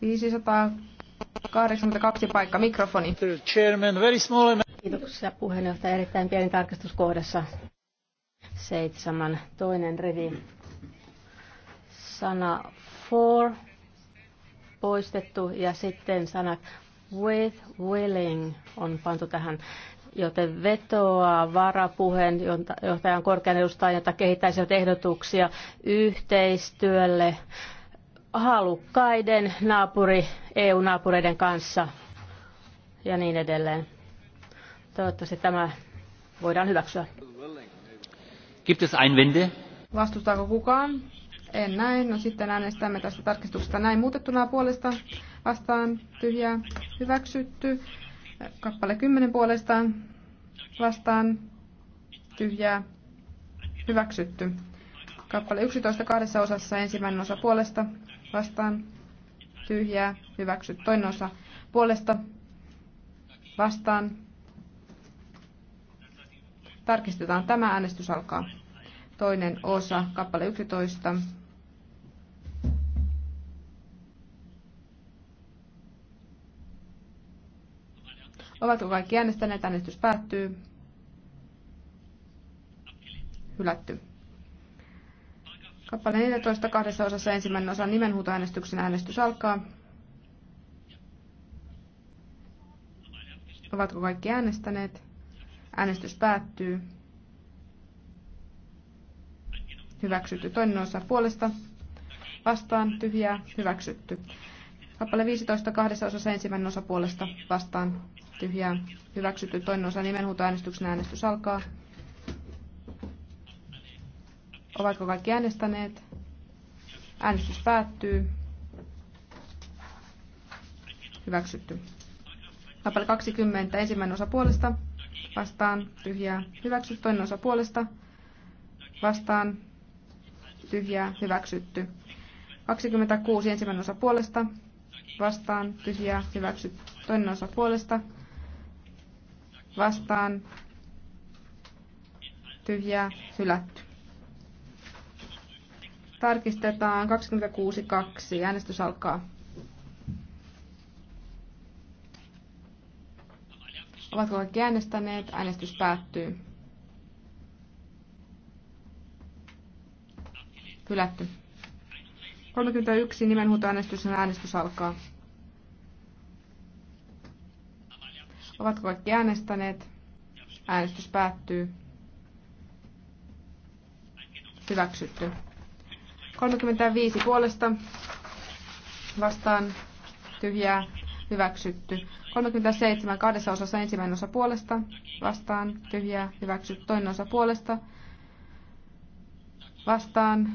582 paikka, mikrofoni. Chairman, very small... Kiitoksia puheenjohtaja. Erittäin pieni tarkastuskohdassa. Seitsemän, toinen rivi. Sana for poistettu ja sitten sana with willing on pantu tähän joten vetoaa varapuheenjohtajan korkean edustajan, että kehittäisivät ehdotuksia yhteistyölle halukkaiden naapuri, EU-naapureiden kanssa ja niin edelleen. Toivottavasti tämä voidaan hyväksyä. Gibt es Einwände? Vastustaako kukaan? En näe. No sitten äänestämme tästä tarkistuksesta näin muutettuna puolesta. Vastaan tyhjää. Hyväksytty. Kappale 10 puolesta. Vastaan tyhjää. Hyväksytty. Kappale 11 kahdessa osassa ensimmäinen osa puolesta vastaan tyhjää hyväksy. Toinen osa puolesta vastaan. Tarkistetaan tämä. Äänestys alkaa. Toinen osa, kappale 11. Ovatko kaikki äänestäneet? Äänestys päättyy. Hylätty. Kappale 14 kahdessa osassa ensimmäinen osa nimenhuutoäänestyksen äänestys alkaa. Ovatko kaikki äänestäneet? Äänestys päättyy. Hyväksytty. Toinen osa puolesta. Vastaan. Tyhjää. Hyväksytty. Kappale 15 kahdessa osassa ensimmäinen osa puolesta. Vastaan. Tyhjää. Hyväksytty. Toinen osa nimenhuutoäänestyksen äänestys alkaa. Ovatko kaikki äänestäneet? Äänestys päättyy. Hyväksytty. Kappale 20, ensimmäinen osa puolesta. Vastaan, tyhjää, hyväksytty. Toinen osa puolesta. Vastaan, tyhjää, hyväksytty. 26, ensimmäinen osa puolesta. Vastaan, tyhjää, hyväksytty. Toinen osa puolesta. Vastaan, tyhjää, hylätty. Tarkistetaan 26.2. Äänestys alkaa. Ovatko kaikki äänestäneet? Äänestys päättyy. Hylätty. 31 nimenhuutoäänestys on äänestys alkaa. Ovatko kaikki äänestäneet? Äänestys päättyy. Hyväksytty. 35 puolesta vastaan tyhjää hyväksytty. 37 kahdessa osassa ensimmäinen osa puolesta vastaan tyhjää hyväksytty. Toinen osa puolesta vastaan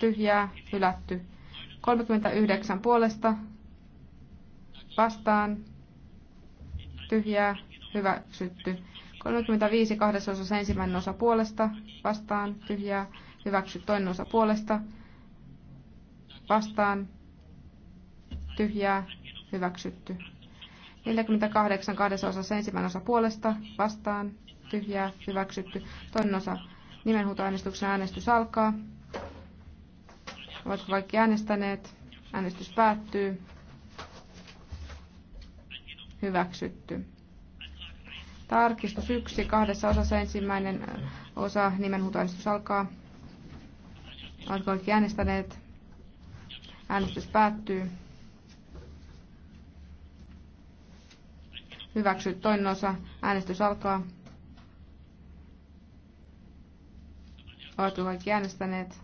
tyhjää hylätty. 39 puolesta vastaan tyhjää hyväksytty. 35 kahdessa osassa ensimmäinen osa puolesta vastaan tyhjää hyväksy toinen osa puolesta, vastaan, tyhjää, hyväksytty. 48 kahdessa osassa ensimmäinen osa puolesta, vastaan, tyhjää, hyväksytty. Toinen osa nimenhuutoäänestyksen äänestys alkaa. Ovatko kaikki äänestäneet? Äänestys päättyy. Hyväksytty. Tarkistus 1. Kahdessa osassa ensimmäinen osa nimenhuutoäänestys alkaa. Oletko kaikki äänestäneet? Äänestys päättyy. Hyväksy toinen osa. Äänestys alkaa. Oletko kaikki äänestäneet?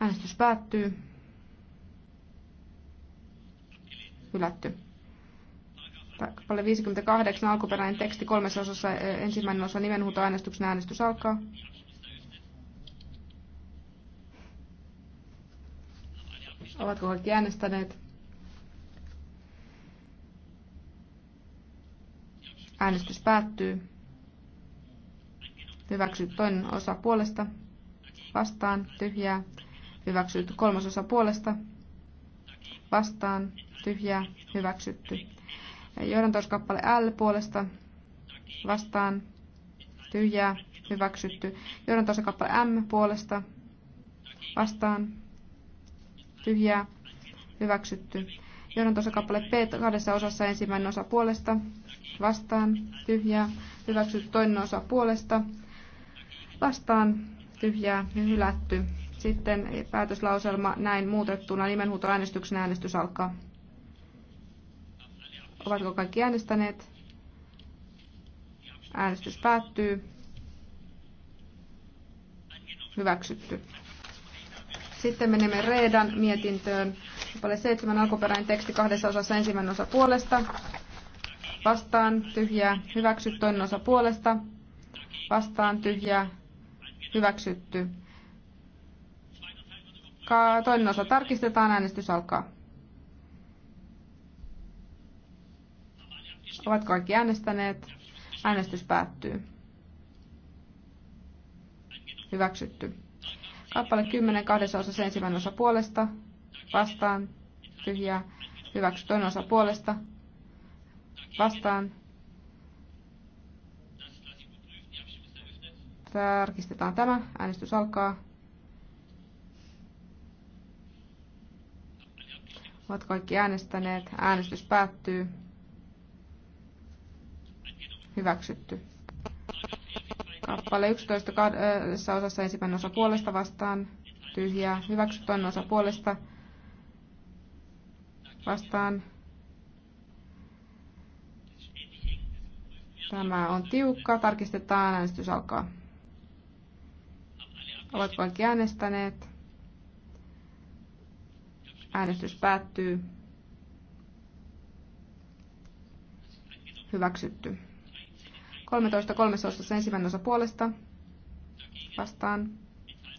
Äänestys päättyy. Hylätty. Kappale 58, alkuperäinen teksti kolmessa osassa, e, ensimmäinen osa nimenhuutoäänestyksen äänestys alkaa. Ovatko kaikki äänestäneet? Äänestys päättyy. Hyväksyt toinen osa puolesta. Vastaan. Tyhjää. Hyväksytty kolmasosa puolesta. Vastaan. Tyhjää. Hyväksytty. Johdantoiskappale L puolesta. Vastaan. Tyhjää. Hyväksytty. Johdantoiskappale M puolesta. Vastaan tyhjää, hyväksytty. Johdan tuossa kappale P kahdessa osassa ensimmäinen osa puolesta, vastaan, tyhjää, hyväksytty toinen osa puolesta, vastaan, tyhjää, hylätty. Sitten päätöslauselma näin muutettuna nimenhuutoäänestyksen äänestys alkaa. Ovatko kaikki äänestäneet? Äänestys päättyy. Hyväksytty. Sitten menemme Reedan mietintöön. Kappale 7 alkuperäinen teksti kahdessa osassa ensimmäinen osa puolesta. Vastaan tyhjää. Hyväksytty toinen osa puolesta. Vastaan tyhjää. Hyväksytty. Ka- toinen osa tarkistetaan. Äänestys alkaa. Ovat kaikki äänestäneet. Äänestys päättyy. Hyväksytty. Kappale 10, kahdessa osassa ensimmäinen osa puolesta, vastaan, tyhjää, hyväksy toinen osa puolesta, vastaan. Tarkistetaan tämä, äänestys alkaa. Ovat kaikki äänestäneet, äänestys päättyy. Hyväksytty kappale 11 kahdessa osassa ensimmäinen osa puolesta vastaan, tyhjää, hyväksy toinen osa puolesta vastaan. Tämä on tiukka. Tarkistetaan. Äänestys alkaa. Ovatko kaikki äänestäneet? Äänestys päättyy. Hyväksytty. 13 kolmesosassa ensimmäinen osa puolesta vastaan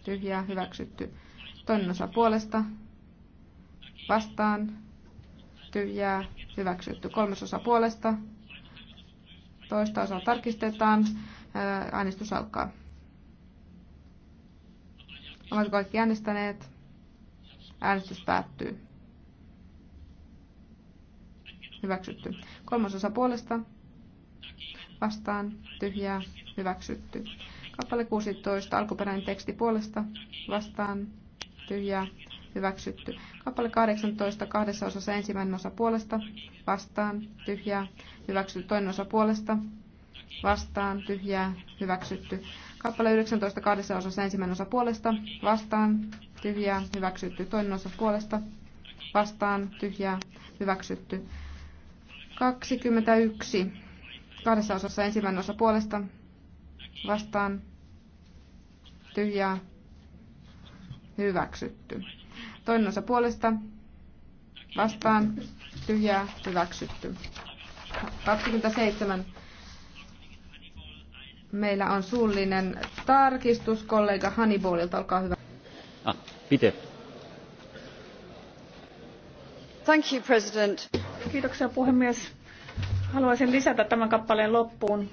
tyhjää hyväksytty. Toinen osa puolesta vastaan tyhjää hyväksytty. Kolmas osa puolesta toista osaa tarkistetaan. Äänestys alkaa. Ovatko kaikki äänestäneet? Äänestys päättyy. Hyväksytty. osa puolesta vastaan, tyhjää, hyväksytty. Kappale 16, alkuperäinen teksti puolesta, vastaan, tyhjää, hyväksytty. Kappale 18, kahdessa osassa ensimmäinen osa puolesta, vastaan, tyhjää, hyväksytty. Toinen osa puolesta, vastaan, tyhjää, hyväksytty. Kappale 19, kahdessa osassa ensimmäinen osa puolesta, vastaan, tyhjää, hyväksytty. Toinen osa puolesta, vastaan, tyhjää, hyväksytty. 21 kahdessa osassa ensimmäinen osa puolesta vastaan tyhjää hyväksytty. Toinen osa puolesta vastaan tyhjää hyväksytty. 27. Meillä on suullinen tarkistus kollega Hannibalilta. Olkaa hyvä. Ah, pite. Thank you, President. Kiitoksia puhemies Haluaisin lisätä tämän kappaleen loppuun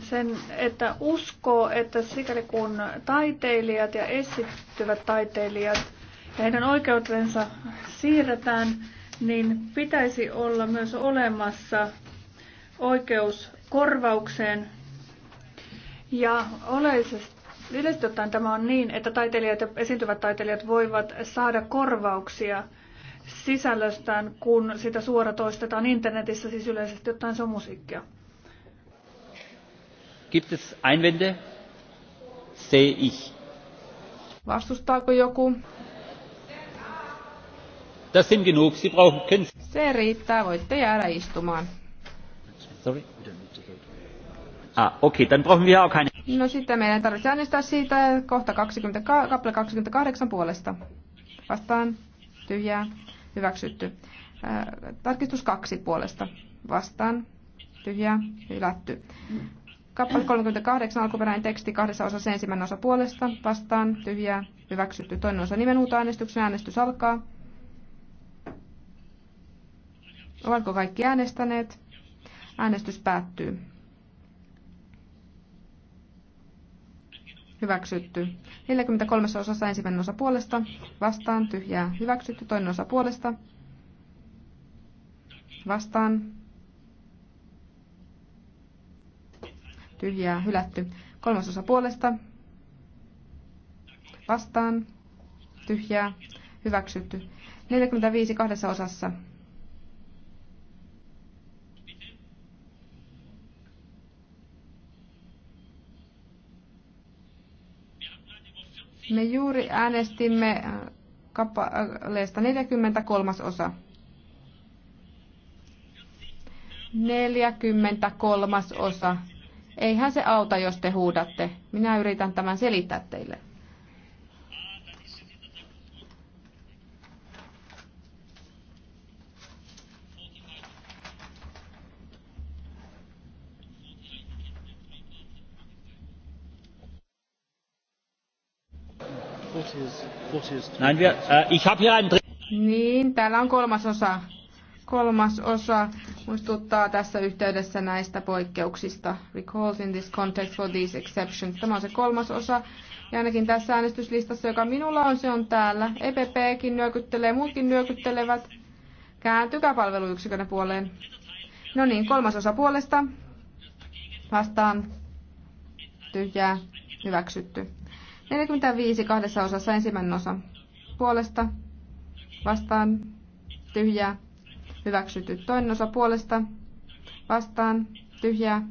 sen, että uskoo, että sikäli kun taiteilijat ja esittyvät taiteilijat ja heidän oikeutensa siirretään, niin pitäisi olla myös olemassa oikeus korvaukseen. Ja yleisesti ottaen tämä on niin, että taiteilijat ja esiintyvät taiteilijat voivat saada korvauksia – sisällöstään, kun sitä suoratoistetaan internetissä, siis yleisesti jotain se on musiikkia. Gibt es Einwände? Sehe ich. Vastustaako joku? Das sind genug. Sie brauchen Se riittää. Voitte jäädä istumaan. Sorry. Ah, okay, dann brauchen wir auch keine. No sitten meidän tarvitsee äänestää siitä kohta 20, kappale 28 puolesta. Vastaan tyhjää hyväksytty. Tarkistus kaksi puolesta vastaan, tyhjää, hylätty. Kappale 38, alkuperäinen teksti kahdessa osassa ensimmäinen osa puolesta, vastaan, tyhjää, hyväksytty. Toinen osa nimenuuta äänestyksen, äänestys alkaa. Ovatko kaikki äänestäneet? Äänestys päättyy. hyväksytty. 43 osassa ensimmäinen osa puolesta, vastaan, tyhjää, hyväksytty. Toinen osa puolesta, vastaan, tyhjää, hylätty. Kolmas osa puolesta, vastaan, tyhjää, hyväksytty. 45 kahdessa osassa, Me juuri äänestimme äh, kappaleesta 43 osa. 43 osa. Eihän se auta, jos te huudatte. Minä yritän tämän selittää teille. Äh, niin, täällä on kolmas osa. Kolmas osa muistuttaa tässä yhteydessä näistä poikkeuksista. Recalls in this context for these exceptions. Tämä on se kolmas osa. Ja ainakin tässä äänestyslistassa, joka minulla on, se on täällä. EPPkin nyökyttelee, muutkin nyökyttelevät. Kääntykää palveluyksikön puoleen. No niin, kolmas osa puolesta. Vastaan. Tyhjää. Hyväksytty. 45 kahdessa osassa ensimmäinen osa. Puolesta, vastaan, tyhjää, hyväksytty. Toinen osa puolesta, vastaan, tyhjää,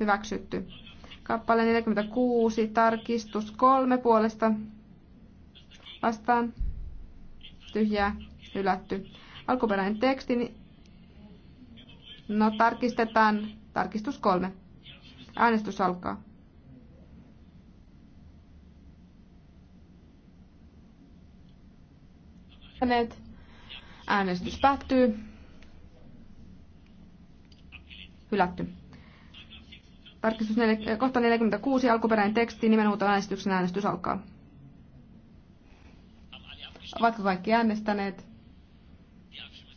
hyväksytty. Kappale 46, tarkistus kolme puolesta, vastaan, tyhjää, hylätty. Alkuperäinen teksti, no tarkistetaan, tarkistus kolme. Äänestys alkaa. äänestäneet? Äänestys päättyy. Hylätty. Tarkistus nel- eh, kohta 46, alkuperäinen teksti, nimenhuuton äänestyksen äänestys alkaa. Ovatko kaikki äänestäneet?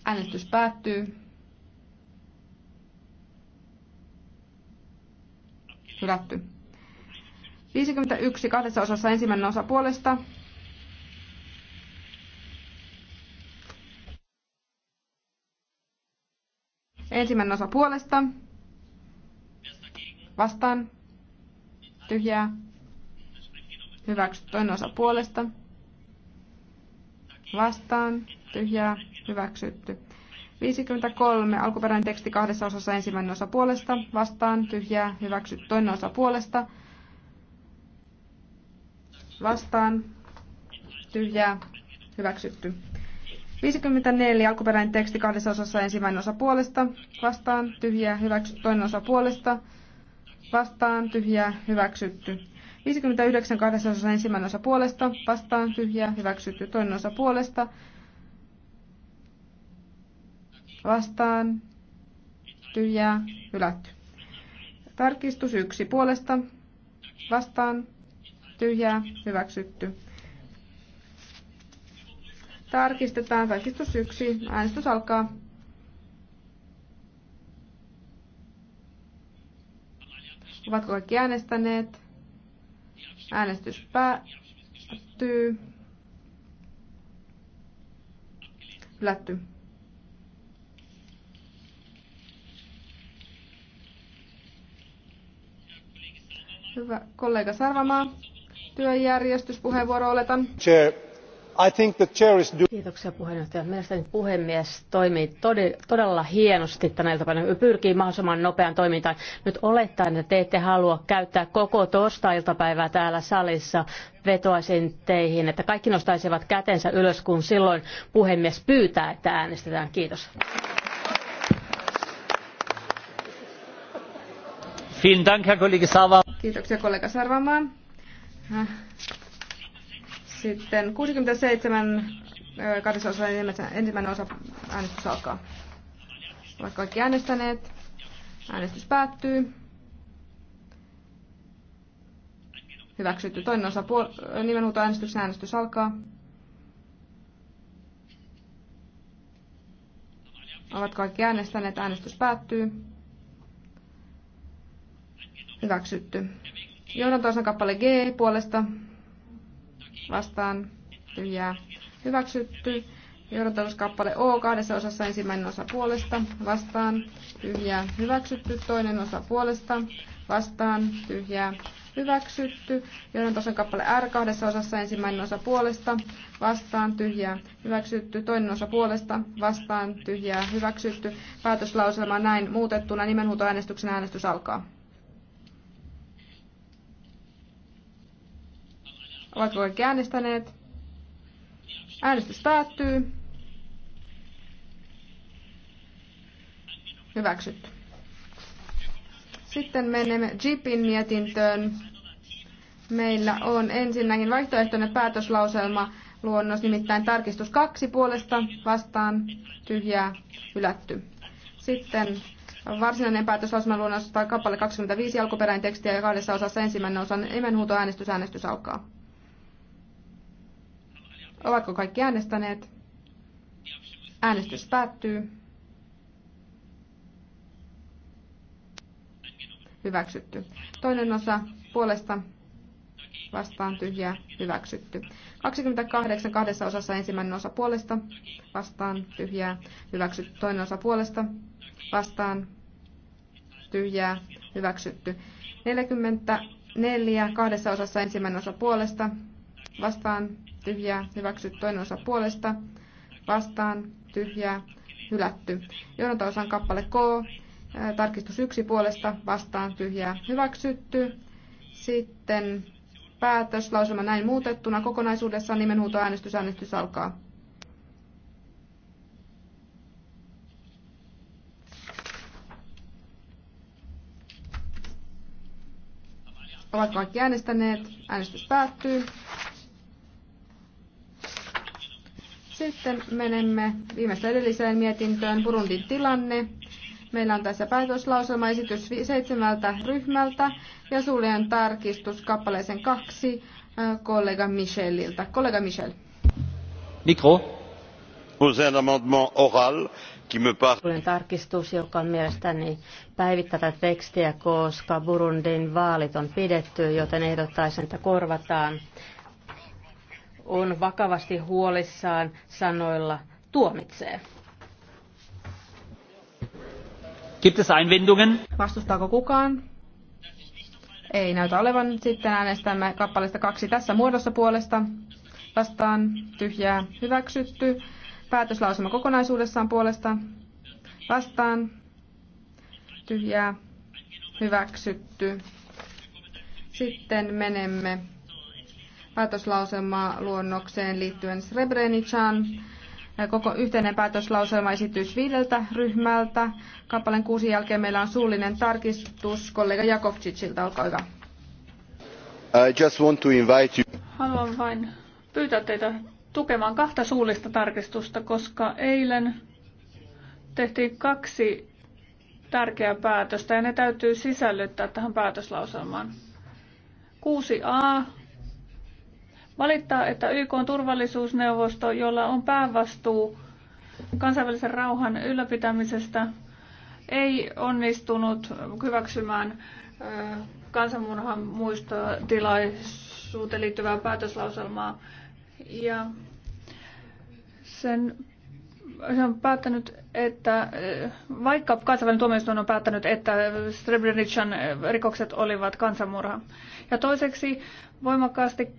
Äänestys päättyy. Hylätty. 51 kahdessa osassa ensimmäinen osa puolesta Ensimmäinen osa puolesta. Vastaan. Tyhjää. Hyväksy Toinen osa puolesta. Vastaan. Tyhjää. Hyväksytty. 53. Alkuperäinen teksti kahdessa osassa ensimmäinen osa puolesta. Vastaan. Tyhjää. Hyväksy Toinen osa puolesta. Vastaan. Tyhjää. Hyväksytty. 54 alkuperäinen teksti kahdessa osassa ensimmäinen osa puolesta, vastaan tyhjää hyväksytty, toinen osa puolesta, vastaan tyhjää hyväksytty. 59 kahdessa osassa ensimmäinen osa puolesta, vastaan tyhjää hyväksytty, toinen osa puolesta, vastaan tyhjää hylätty. Tarkistus 1 puolesta, vastaan tyhjää hyväksytty. Tarkistetaan tarkistus yksi. Äänestys alkaa. Ovatko kaikki äänestäneet? Äänestys päättyy. Lätty. Hyvä kollega Sarvamaa, työjärjestyspuheenvuoro oletan. Chair, Kiitoksia puheenjohtaja. Mielestäni puhemies toimii todella hienosti tänä iltapäivänä. Pyrkii mahdollisimman nopean toimintaan. Nyt olettaen, että te ette halua käyttää koko torstai-iltapäivää täällä salissa, vetoaisin teihin, että kaikki nostaisivat kätensä ylös, kun silloin puhemies pyytää, että äänestetään. Kiitos. Kiitoksia kollega Sarvamaa. Äh. Sitten 67 kahdessa osassa ensimmäinen osa äänestys alkaa. Ovat kaikki äänestäneet. Äänestys päättyy. Hyväksytty. Toinen osa puol- nimenhuutoäänestyksen äänestys alkaa. Ovat kaikki äänestäneet. Äänestys päättyy. Hyväksytty. Johdantoisen kappale G puolesta vastaan tyhjää hyväksytty. Johdatuskappale O kahdessa osassa ensimmäinen osa puolesta vastaan tyhjää hyväksytty, toinen osa puolesta vastaan tyhjää hyväksytty. Johdantosan kappale R kahdessa osassa ensimmäinen osa puolesta vastaan tyhjää hyväksytty, toinen osa puolesta vastaan tyhjää hyväksytty. Päätöslauselma näin muutettuna nimenhuutoäänestyksen äänestys alkaa. Ovatko kaikki äänestäneet? Äänestys päättyy. Hyväksytty. Sitten menemme JIPin mietintöön. Meillä on ensinnäkin vaihtoehtoinen päätöslauselma luonnos, nimittäin tarkistus kaksi puolesta vastaan tyhjää hylätty. Sitten varsinainen päätöslauselman luonnos tai kappale 25 alkuperäinen tekstiä ja kahdessa osassa ensimmäinen osa nimenhuutoäänestys niin äänestys alkaa. Ovatko kaikki äänestäneet? Äänestys päättyy. Hyväksytty. Toinen osa puolesta vastaan tyhjää hyväksytty. 28 kahdessa osassa ensimmäinen osa puolesta vastaan tyhjää hyväksytty. Toinen osa puolesta vastaan tyhjää hyväksytty. 44 kahdessa osassa ensimmäinen osa puolesta vastaan tyhjää, hyväksy toinen osa puolesta, vastaan, tyhjää, hylätty. osan kappale K, tarkistus yksi puolesta, vastaan, tyhjää, hyväksytty. Sitten päätös, lausuma näin muutettuna kokonaisuudessaan nimenhuutoäänestys, äänestys alkaa. Ovat kaikki äänestäneet. Äänestys päättyy. Sitten menemme viimeistä edelliseen mietintöön Burundin tilanne. Meillä on tässä päätöslauselmaesitys seitsemältä ryhmältä ja suljen tarkistus kappaleeseen kaksi kollega Micheliltä. Kollega Michel. Mikro. Olen tarkistus, joka mielestäni päivittää tätä tekstiä, koska Burundin vaalit on pidetty, joten ehdottaisin, että korvataan on vakavasti huolissaan sanoilla tuomitsee. Gibt es Einwendungen? Vastustaako kukaan? Ei näytä olevan. Sitten äänestämme kappalista kaksi tässä muodossa puolesta. Vastaan tyhjää hyväksytty. Päätöslausuma kokonaisuudessaan puolesta. Vastaan tyhjää hyväksytty. Sitten menemme päätöslauselmaa luonnokseen liittyen Srebrenicaan. Koko yhteinen esitys viideltä ryhmältä. Kappaleen kuusi jälkeen meillä on suullinen tarkistus kollega Jakovcicilta. Olkaa hyvä. I just want to invite you. Haluan vain pyytää teitä tukemaan kahta suullista tarkistusta, koska eilen tehtiin kaksi tärkeää päätöstä ja ne täytyy sisällyttää tähän päätöslauselmaan. 6a valittaa, että YK on turvallisuusneuvosto, jolla on päävastuu kansainvälisen rauhan ylläpitämisestä, ei onnistunut hyväksymään kansanmurhan muistotilaisuuteen liittyvää päätöslauselmaa. Ja sen se on päättänyt, että vaikka kansainvälinen tuomioistuin on päättänyt, että Srebrenican rikokset olivat kansanmurha. Ja toiseksi voimakkaasti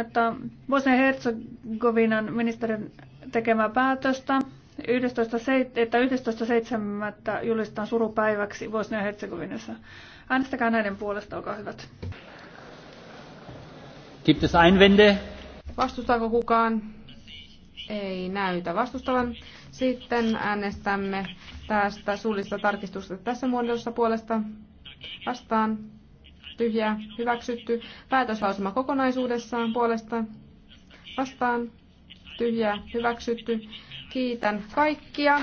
että Bosnia-Herzegovinan ministerin tekemää päätöstä, 11, että 11.7. julistetaan surupäiväksi Bosnia-Herzegovinassa. Äänestäkää näiden puolesta, olkaa hyvät. Gibt es Einwände? Vastustaako kukaan? Ei näytä vastustavan. Sitten äänestämme tästä suullista tarkistusta tässä muodossa puolesta vastaan tyhjää, hyväksytty. Päätöslausuma kokonaisuudessaan puolesta vastaan, tyhjää, hyväksytty. Kiitän kaikkia.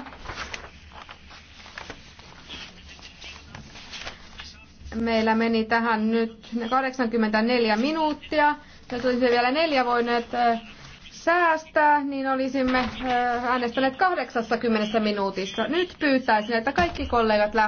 Meillä meni tähän nyt 84 minuuttia. Jos olisimme vielä neljä voineet säästää, niin olisimme äänestäneet 80 minuutissa. Nyt pyytäisin, että kaikki kollegat lähtevät.